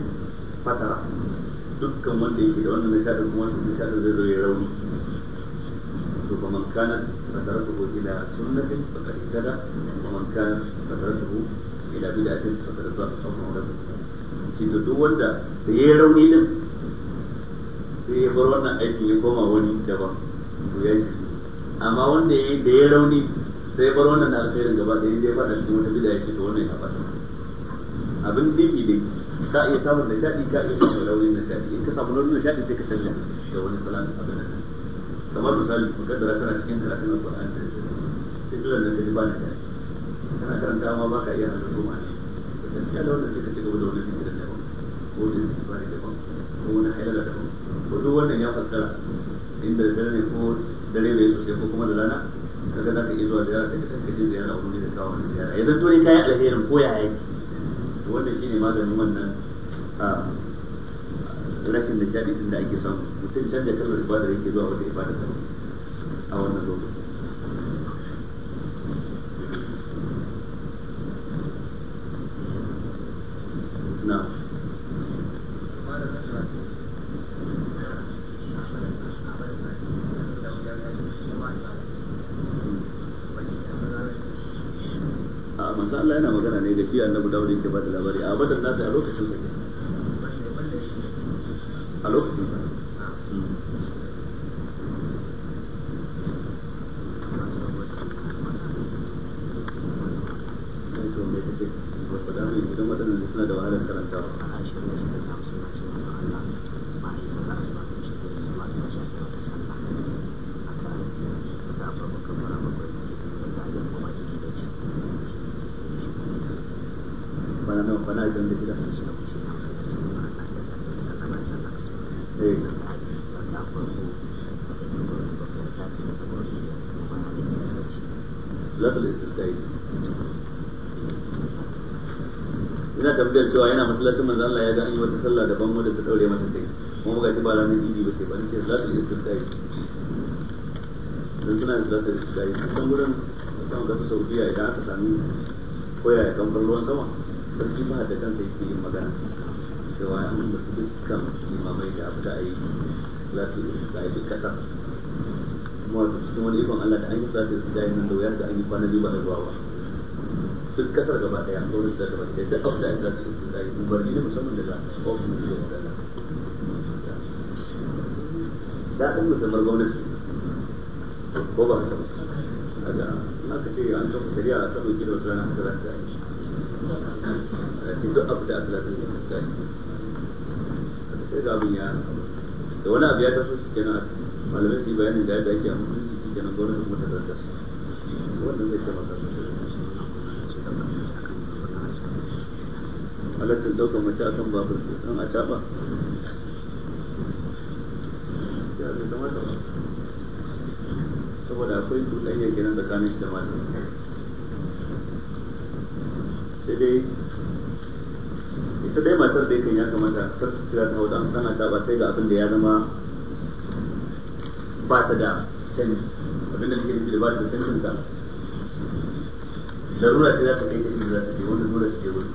fatara dukkan wanda yake da wanda wannan shaɗa kuma wanda wannan shaɗa zai zo ya rauni to ba man kana ko ila sunnatin faqad tada ba man kana ko ila bid'atin faqad dhalla wa dhalla shi da duk wanda da yayi rauni din sai ya bar wannan aikin ya koma wani daban to ya shi amma wanda yayi da yayi rauni sai ya bar wannan da alkhairin gaba da yayi ya fada cikin wata bid'a ce to wannan ya fada abin diki diki ka iya samun nishaɗi ka iya samun nauyin nishaɗi in ka samu nauyin nishaɗi sai ka canja da wani salon abin da kamar misali ku kaddara kana cikin karatun alƙur'ani sai dole ne ka ji ba nishaɗi kana karanta ma ba ka iya hannun goma ne gaskiya da wannan sai ka ci gaba da wani zikirin daban ko wani zikirin daban ko wani hailala daban ko duk wannan ya fassara inda dare ne ko dare bai sosai ko kuma da rana kaga za ka iya zuwa ziyara sai ka je ziyara wani da kawo ziyara ya zanto ne kayan alherin ko ya yake wannan shine maganin wannan rashin da jami'in da ake samu mutum canja kalmar ibada yake zuwa wata ibada ta a wannan lokacin بڑھاؤ دیجیے بدلے آباد کی شو سکے da cewa yana masallacin manzo Allah ya ga an yi wata sallah daban wanda ta daure masa kai kuma ga shi ba ranar idi ba ce ba ne ce za su yi istisqai dan suna da zata istisqai san gurin kan ga Saudiya idan aka sami koyaya kan ruwan sama sarki ba da kansa yake yin magana cewa an da dukkan imamai da abu da ayi za su yi istisqai duk kasa kuma cikin wani ikon Allah da an yi za da istisqai nan da wuya da an yi kwana biyu ba da ruwa ba duk kasar gaba daya ko duk kasar gaba daya duk aka daɗin musamman gwamnati ko ba ta ba ce an shari'a a rana ta yi a duk abu da aka yi ta ga abin ya da wani abu ya taso kenan malamai su yi bayanin da su kenan gwamnati ta su wannan zai taimaka halaccin daukar mace akan babur ko a caɓa ya ba saboda akwai cuɗanya kenan tsakanin shi da mata sai dai ita dai matar da kan ya kamata kar ta kira ta hauta an kana sai ga abin da ya zama ba ta da canji abin da nake nufi da ba ta da canjin ta larura sai za ta kai za ta je wani dole ta je wani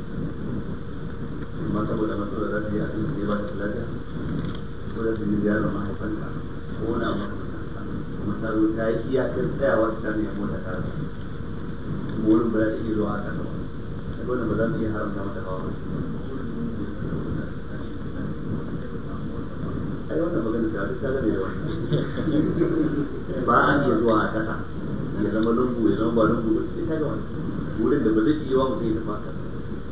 amma saboda za ta je asibiti ne ba ta lafiya ko za ta je ziyarar mahaifanta ko wani abu kuma ta zo ta yi iyakar tsayawa ta ne mota ta zo kuma wurin ba za ta iya zuwa a ƙasa ba ba za mu iya haramta mata hawa ba ai wannan magana ta ta gane da wannan ba a iya zuwa a kasa ya zama lungu ya zama ba lungu ba sai kaga wani wurin da ba zai iya wa mutum ya tafi haka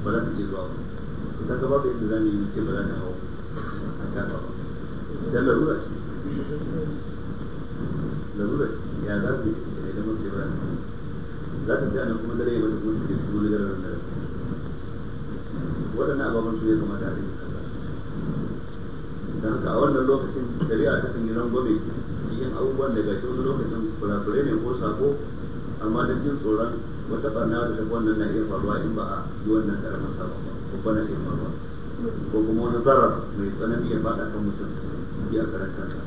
ba za ta iya zuwa ba ta ga babu yadda zamu yi ce ba za ta hau a shafa ba dan larura ce larura ce ya za ta yi ya zama ce ba za ta fi anan kuma dare ya bata kuma take su gole dare nan waɗannan ababen su ya kamata a rinka da haka a wannan lokacin shari'a ta kan yi rangwame cikin abubuwan da gashi wani lokacin kurakurai ne ko sako amma da jin tsoron wata barna da tafi wannan na iya faruwa in ba a yi wannan karamar sabon ko kuma na iya faruwa ko kuma wani zarar mai tsanani ya faɗa kan mutum ya karanta sa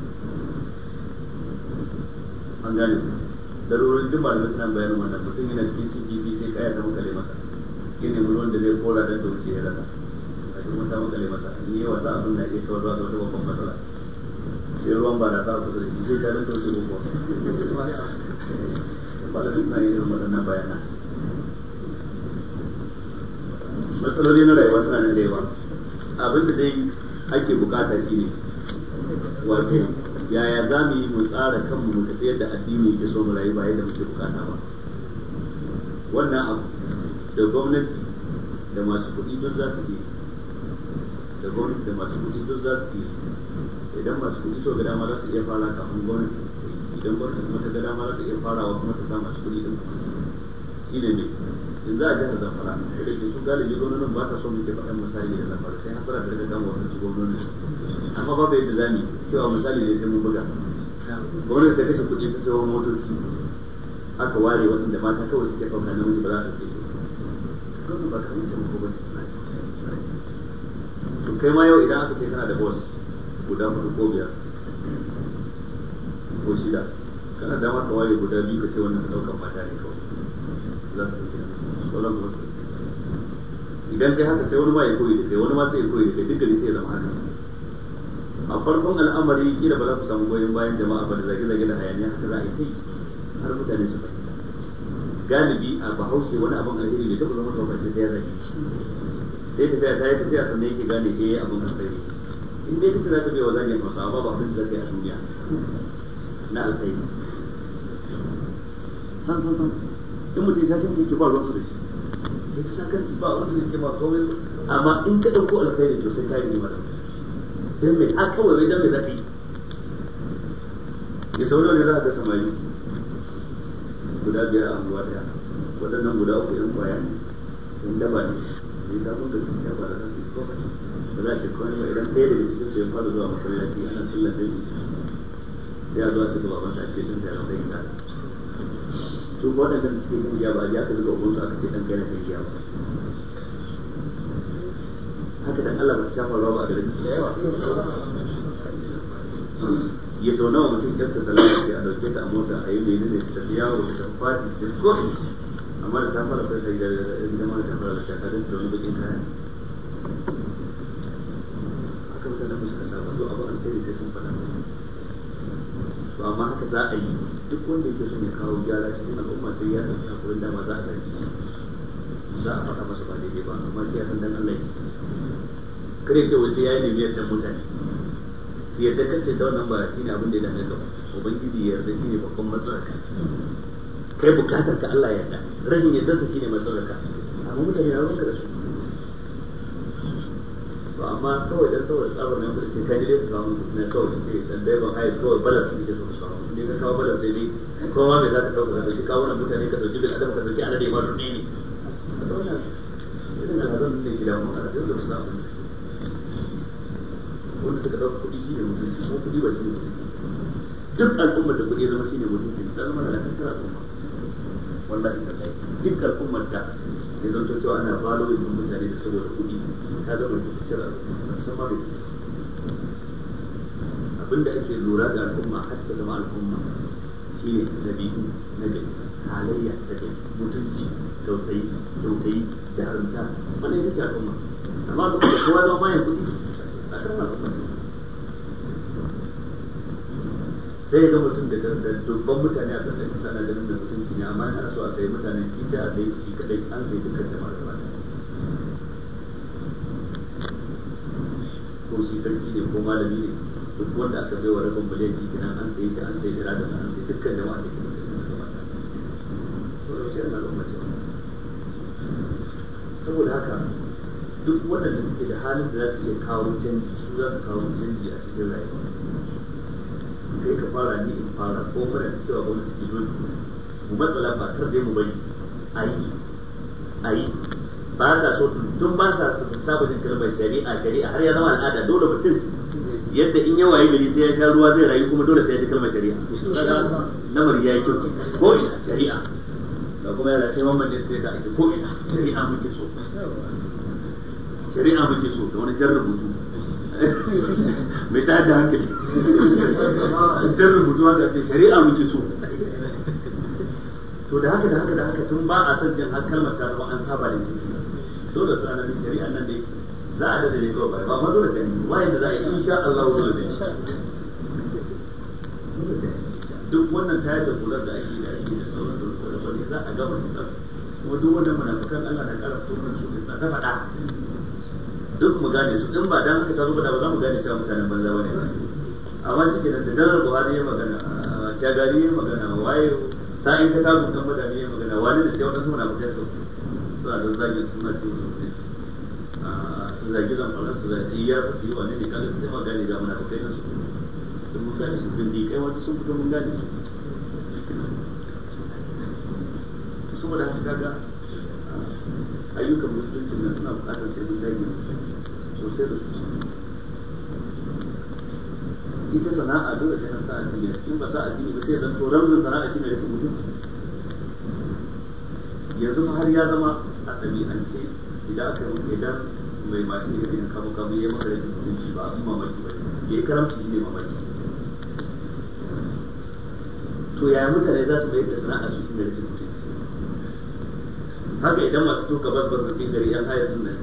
an gane darurin duk malamai suna bayanin wannan mutum yana cikin ciki sai kaya ta makale masa ya nemi ruwan da zai kora don da wuce ya rasa a cikin masa ni yawa da kawar zuwa babban matsala sai ruwan ba da sa kusa shi sai ta rinto shi ba da duk na yi matsaloli na rayuwa suna nan da yawa abin da dai ake bukata shi ne wato yaya za mu yi mu tsara kanmu mu tafi yadda addini ke so mu rayu ba yadda muke bukata ba wannan abu da gwamnati da masu kuɗi don za su iya da gwamnati da masu kuɗi duk za su idan masu kuɗi so ga dama za su iya fara kafin gwamnati idan gwamnati kuma ta ga dama za ta iya farawa kuma ta sa masu kuɗi din shi ne ne, in za a jihar zamfara da ke su galibi gwamnonin ba ta so muke faɗan misali da zamfara sai hasara da daga kan gwamnati su gwamnoni amma babu yadda za mu cewa misali da ya mun buga gwamnati ta kashe kuɗi ta sayo motoci aka ware waɗanda mata kawai suke ɗauka namiji ba za ta kashe ba kamar taimako ba ne to kai ma yau idan aka ce kana da boss guda hudu ko biyar ko shida kana da dama ka waye guda biyu ka ce wannan ka ɗaukar mata ne kawai za su ce sauran ba su idan kai haka sai wani ma ya koyi da kai wani ma sai ya koyi da kai duk da ya zama haka a farkon al'amari kila ba za ku samu goyon bayan jama'a ba da zage-zage da hayaniya haka za a yi kai har mutane su fahimta galibi a bahaushe wani abin alheri ne ta zama kawai sai ya zage shi sai tafiya ta yi tafiya sannan yake gane ke eh, abin alkhairi in dai kace za wa ba ba kun zaka a duniya na alkhairi san san san in mutum ya shafi ke ba ruwan su da shi ya shakar ba yake ba kawai amma in ka alkhairi to sai ka yi ya ne za ka ne yi da mun da zuciya ba da nan duk ba za shi idan ɗaya ya fara zuwa masallaci ana sallar da sai a zuwa su ake da su da kan ba ya ka ubun su aka ce dan kai na kungiya ba haka dan Allah ba su shafa ruwa ba a garin da yawa ya nawa mutum yarsa da lafiya a dauke ta a mota a yi ta ta fadi da amma da ta fara sai sai gari da inda ma ta fara da shaka ta wani bakin kayan. akan da musu ka saba to abu alkhairi sai sun faɗa to amma haka za a yi duk wanda yake son ya kawo gyara cikin al'umma sai ya ɗauki akwai dama za a zargi za a faɗa masa ba daidai ba amma sai ya san dan Allah kare ce wasu ya yi nemi yadda mutane yadda kace da wannan ba shine abin da ya dame ka ba ubangiji yarda shine babban matsala kai bukatar ka Allah ya yarda rashin yarda ka shine matsalar ka amma mutane na ruwanka da su to amma kawai dan saboda tsabar nan kurce kai dai ka samu na kawai ce dan dai ban haihu kawai balas ne ke so samu ne ka kawo balas dai dai kowa me za ka dauka ka dauki kawo nan mutane ka dauki bil adam ka dauki alade ma duk ne ne irin zan ne ke da mu a da samu wanda suka dauka kuɗi shine mutunci ko kuɗi ba shine mutunci duk al'ummar da kudi zama shine mutunci ta zama da lakar al'umma wallahi tallahi duk al'ummar da ya zanto cewa ana falo da mutane da saboda kuɗi ta zama da rikicin al'umma abinda ake lura da al'umma har ta zama al'umma shine dabi'u na gari halayya ta gari mutunci tausayi tausayi jarumta wannan ita ce al'umma amma duk da kowa zama bayan kuɗi a kan al'umma sai ga mutum da dubban mutane a ƙarƙashin kusa na ganin da mutunci ne amma ana so a sayi mutane su sai a sayi shi kadai an sayi dukkan jama'ar gaba ko shi sarki ne ko malami ne duk wanda aka bai wa rabin miliyan shi nan an sayi shi an sayi jira da an sayi dukkan jama'a da ke mutunci su gaba ɗaya to da shi ana zama cewa saboda haka duk waɗanda suke da halin da za su iya kawo canji su za su kawo canji a cikin rayuwa kai ka fara ni in fara ko muna cewa gwamnati cikin dole mu matsala ba kar dai mu bari ayi ayi ba sa so tun ba sa su saba jin kalmar shari'a shari'a har ya zama al'ada dole mutum yadda in yawa yi gari sai ya sha ruwa zai rayu kuma dole sai ya ji kalmar shari'a lamar ya yi kyau ko ina shari'a da kuma yana sai mamman ne sai ka ake ko ina shari'a muke so shari'a muke so da wani jar rubutu mai ta hankali jar rubutu haka ce shari'a muke so to da haka da haka da haka tun ba a son jin har kalmar ta zama an saba da ke so da tsana da shari'a nan dai za a da dare kawai ba ma dole da sai waye da za a yi insha Allah dole sai duk wannan tayar da kular da ake da ake da sauran da wani za a gama da kuma duk wannan munafikan Allah na kara tsoron su da ta faɗa duk mu gane su in ba dan haka ta zo ba za mu gane cewa mutanen banza bane ba a wani kenan da dalar buhari ya magana shagari ya magana waye sa'in ta tabun kan mutane ya magana wani da sai wata suna ba kai sauki suna da zagin suna cin mutunci ah, su zagi zamfara su zagi ya fi wani ne kaga sai ma gane ga muna ba kai nasu sun mun gane su zindi kai wani sun fito mun gane su saboda haka kaga ah, ayyukan musulunci nan suna bukatar sai mun dage sosai da sosai ita sana'a dole sai an sa addini in ba sa addini ba sai to ramzin sana'a shine rashin mutunci yanzu har ya zama a ce idan aka yi idan mai masu ne irin kamu kamu ya maka rashin shi ba abin mamaki ba ya yi karamci ne mamaki to yaya mutane za su mayar da sana'a su shine rashin mutunci haka idan masu tuka bas bas da sai gari yan hayar nan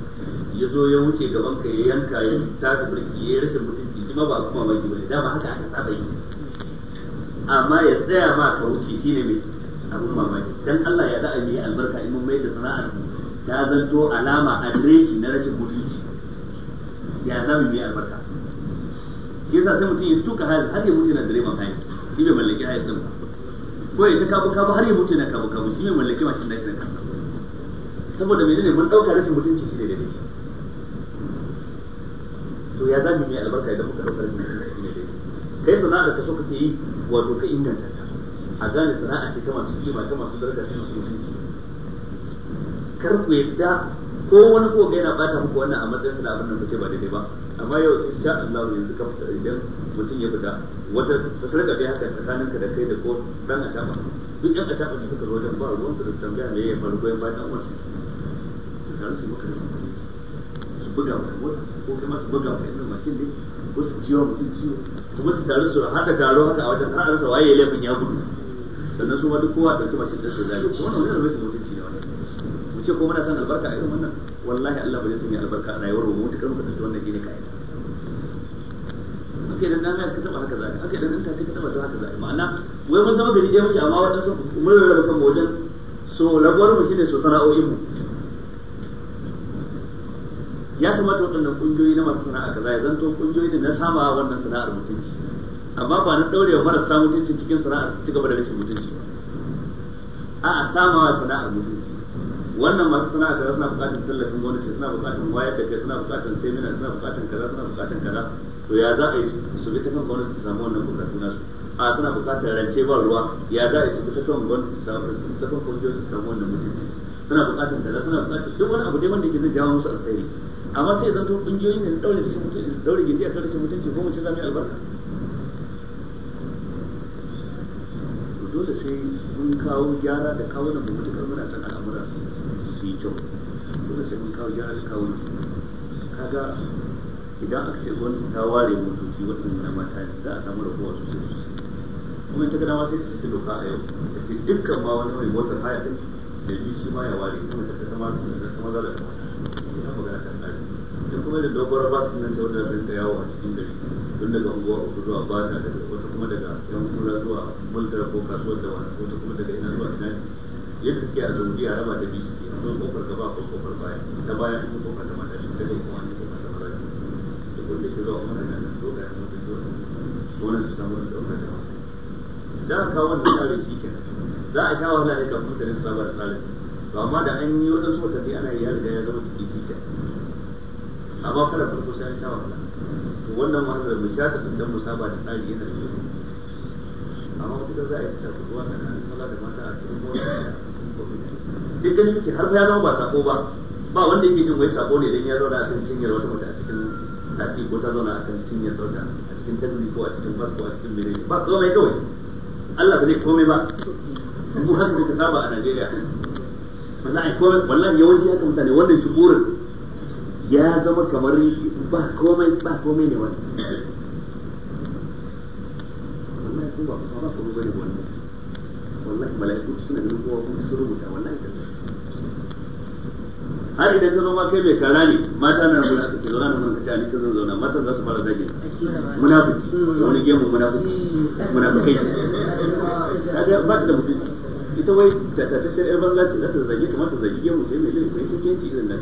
ya zo ya wuce gaban ka ya yanka ya taka birki ya yi rashin mutum ma ba kuma baki bane dama haka aka saba yi amma ya tsaya ma ka wuce shi ne mai abun mamaki dan Allah ya za'a yi albarka in mun mai da sana'ar ta zanto alama adireshi na rashin mutunci ya za mu yi albarka shi yasa sai mutum ya tuka hayar har ya mutu na direban hayar shi mai mallaki hayar din ba ko ya ta kabu kabu har ya mutu na kabu kabu shi mai mallaki mashin da shi na kansa saboda menene mun dauka rashin mutunci shi ne da daidai to ya zamu yi albarka idan muka dauka rashin mutunci ne dai kai sana'ar ka so kake yi wato ka inganta ta a gane sana'a ce ta masu kima ta masu daraja ta masu mutunci kar ku yadda ko wani ko ga yana bata muku wannan a matsayin sana'a abin nan kuce ba daidai ba amma yau insha Allah yanzu ka fita idan mutum ya fita wata ta sarka haka haka ka da kai da ko dan a shafa duk yan a shafa da suka zo wajen ba ruwan su da tambaya me ya faru ko ya bayan su. su tare su maka da sun buga wa mota ko kai masu buga wa irin mashin ne ko su ciwo mutum ciwo kuma su taru su haka taro haka a wajen har rasa waye laifin ya gudu sannan su ma duk kowa ɗauki mashin ɗin su zai ko wannan wani rashin mutunci ne wannan mu ce ko muna son albarka a irin wannan wallahi Allah ba zai sanya albarka a rayuwar mu mutukar mu kasance wannan shine kai ake dan nan ka taba haka zai ake dan ta ka taba haka zai ma'ana wai mun zama gari ɗaya muke amma waɗansu mun rarraba kan wajen so rabuwar mu shine so sana'o'in mu ya kamata waɗannan ƙungiyoyi na masu sana'a kaza ya zanto ƙungiyoyi da na sama wannan sana'ar mutunci amma ba na ɗaurewa marasa mutunci cikin sana'ar ci gaba da rashin mutunci ba a samawa sana'ar mutunci wannan masu sana'a kaza suna buƙatar tallafin gwamnati suna buƙatar wayar da kai suna buƙatar semina suna buƙatar kaza suna buƙatar kaza to ya za a yi su bi ta kan gwamnati su samu wannan buƙatu nasu a suna buƙatar rance ba ruwa ya za a yi su bi ta kan gwamnati su samu su ta kan su samu wannan mutunci suna buƙatar kaza suna buƙatar duk wani abu dai wanda ke zai jawo musu alkhairi amma sai zan to kungiyoyin da daure da shi mutunci daure gidi a kan shi mutunci ko mace zamu yi albarka dole sai mun kawo gyara da kawo na mutu kar muna san al'amura su yi kyau dole sai mun kawo gyara da kawo kaga idan aka ce gwamnati ta ware motoci waɗanda na mata ne za a samu rabuwa sosai sosai kuma ta gana ma sai ta ce doka a yau da ce dukkan ma wani mai motar haya ɗin da shi ma ya ware kuma ta ta zama da ta zama za ta mata ina magana ta kare ita kuma da dogon ba su nan tauna rinka yawo a cikin gari tun daga unguwa uku zuwa ba bata daga wata kuma daga yan kula zuwa mulkar ko kasuwar da wani wata kuma daga ina zuwa ina yadda suke a zaune a raba da biyu suke a zuwa kofar gaba ko kofar baya ta baya ko kofar da mata shi daga kuma wani kofar da mata shi da kuma ke zuwa kuma da nan zo ga yan mutum zuwa wannan su samu da ɗaukar da wata da aka kawo wannan tsarin shi kenan za a sha wahala ne kafin mutane su saba tsarin to amma da an yi wadansu watanni ana ya riga ya zama jiki cikin ke amma kada farko sai an sha wahala to wannan wahalar mu sha ta dan mu saba da tsari yana da kyau amma wata za a yi ta ruwa sanan maza da mata a cikin mota duk ganin muke har ya zama ba sako ba ba wanda yake jin wai sako ne idan ya zauna a kan cinyar wata mace a cikin tasi ko ta zauna a kan cinyar sauta a cikin tabbi ko a cikin bas ko a cikin menene ba komai kawai Allah ba zai komai ba mu haka muka saba a Najeriya wallahi ko wallahi yawanci aka mutane wannan shukurin ya zama kamar ba komai ba komai ne wannan wallahi kuma su rubuta wallahi har idan ka mata na zuwa ka zauna zauna mata za su fara zage munafiki wani gemu munafiki da mutunci ita wai da ta tace yar banza ce za ta zage kamar ta zage gemu ce mai lai sai shi kenci irin nan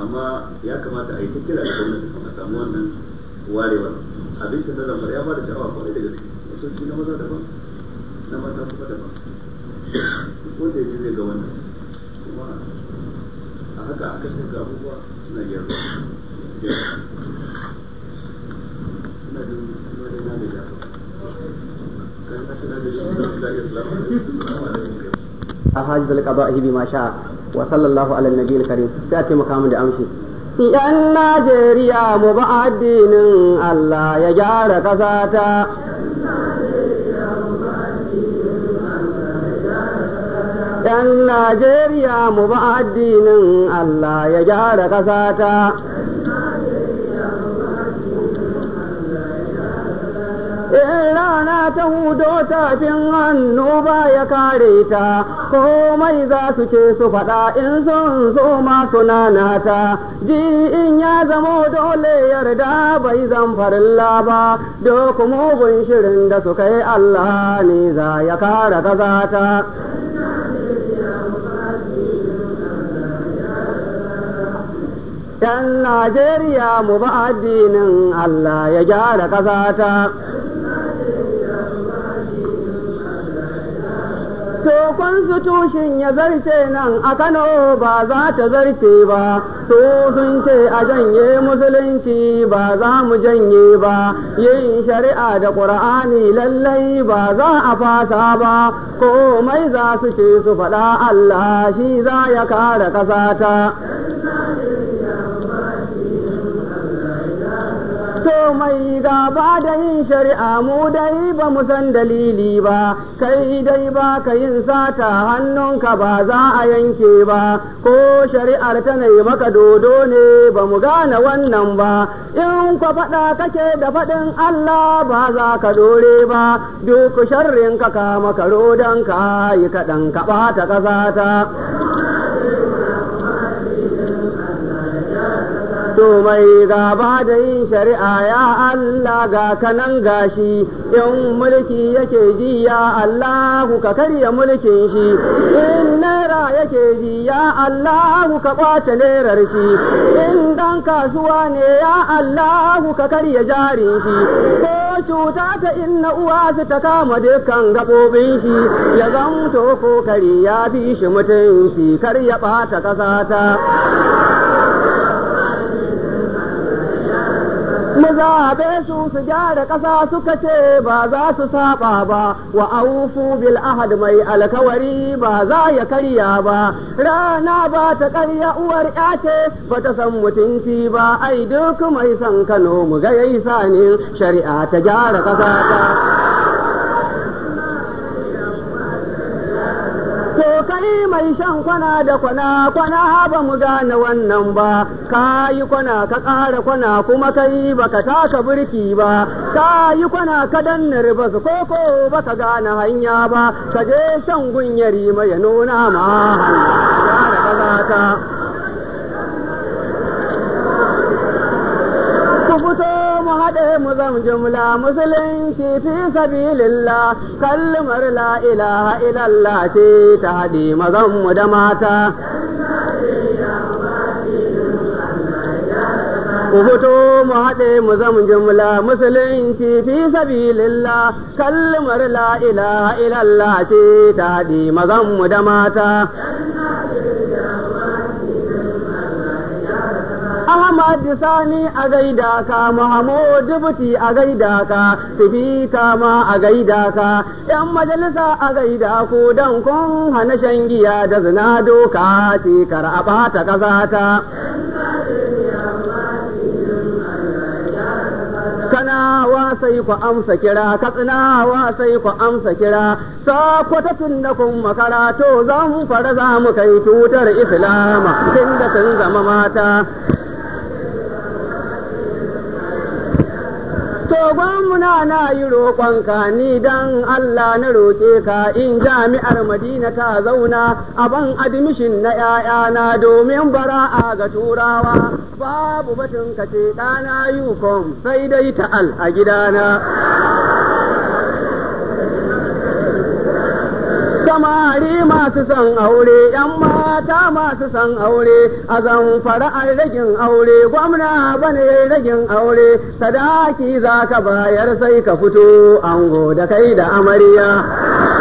amma ya kamata a yi ta kira da a samu wannan warewa abin ta zama ya ba da sha'awa da gaske sauki na maza daban na mata kuma daban ko da yaji zai ga wannan kuma a haka abubuwa suna gyara a
hajji da lakaba a ma sha wa sallallahu ala nabi karim sai a taimaka mu da amshi yan najeriya mu ba addinin allah ya gyara kasa ta yan najeriya mu ba addinin allah ya gyara kasa ta in rana ta hudo tafin hannu ba ya kare ta komai za su ce su faɗa in sun zo ma sunana ta ji in ya zamo dole yarda bai zan farilla ba duk mugun shirin da suka yi Allah ne za ya kare kaza ta ‘Yan Najeriya mu ba addinin Allah ya gyara ƙasa ta. to tushin ya zarce nan a Kano ba za ta zarce ba to sun ce a janye musulunci ba za mu janye ba yin shari'a da ƙur'ani lallai ba za a fasa ba komai za su ce su faɗa Allah shi za ya ƙasa ƙasata. to mai ba da yin shari'a mu dai ba mu san dalili ba kai dai ba ka yin sata hannunka ba za a yanke ba ko shari'ar ta ne maka dodo ne ba mu gane wannan ba in ku faɗa kake da faɗin Allah ba za ka dore ba duk sharrin ka kama maka don ka yi kaɗan ka ɓata ƙasa ta mai gaba da yin shari'a ya Allah ga kanan gashi in mulki yake ji ya Allahu ka karya mulkin shi in naira yake ji ya Allahu ka kwace nerar shi in dan kasuwa ne ya Allahu ka karya jarin shi ko cuta ta inna uwa su ta kama dukkan gaɓoɓin shi ya zamto ko kari ya fi shi mutunci kar ya ɓata ƙasa ta ya zaɓe su su gyara ƙasa suka ce ba za su saba ba wa aufu bil ahad mai alkawari ba za ya karya ba rana ba ta karya uwar ya ce ba ta san mutunci ba ai duk mai san Kano mu ga yayi sanin shari'a ta gyara ƙasa ta kai mai shan kwana da kwana kwana ba mu gane wannan ba ka yi kwana ka ƙara kwana kuma kai ba ka taka birki ba ka yi kwana ka danna riba su koko ba ka gane hanya ba ka je shan gunyari mai nuna ma hanya ya haɗe mu zam jumla musulunci fi sabilillah kalmar la ilaha illallah ce ta haɗe mazan mu da mata ku fito mu haɗe mu zam jumla musulunci fi lilla kalmar la ilaha illallah ce ta haɗe mazan mu da mata Ahmad Sani a gaida ka Mahmud Buti a gaida ka Sifita ma a gaida ka ‘yan majalisa a gaida ku don kun hana shan giya da zina doka ce kar a ɓata ƙasa ta. wa sai ku amsa kira wa sai ku amsa kira kwata tun da kun makara to zan fara za mu kai tutar islama tun da sun zama mata to muna na yi ka ni dan Allah na roƙe ka in jami'ar Madina ta zauna a ban admission na ‘ya'yana domin bara'a ga turawa babu batun kace ɗana yukon sai dai ta al a gidana. samari masu son aure yan mata masu son aure a zan a ragin aure gwamna bane ragin aure sadaki za ka bayar sai ka fito ango da kai da amarya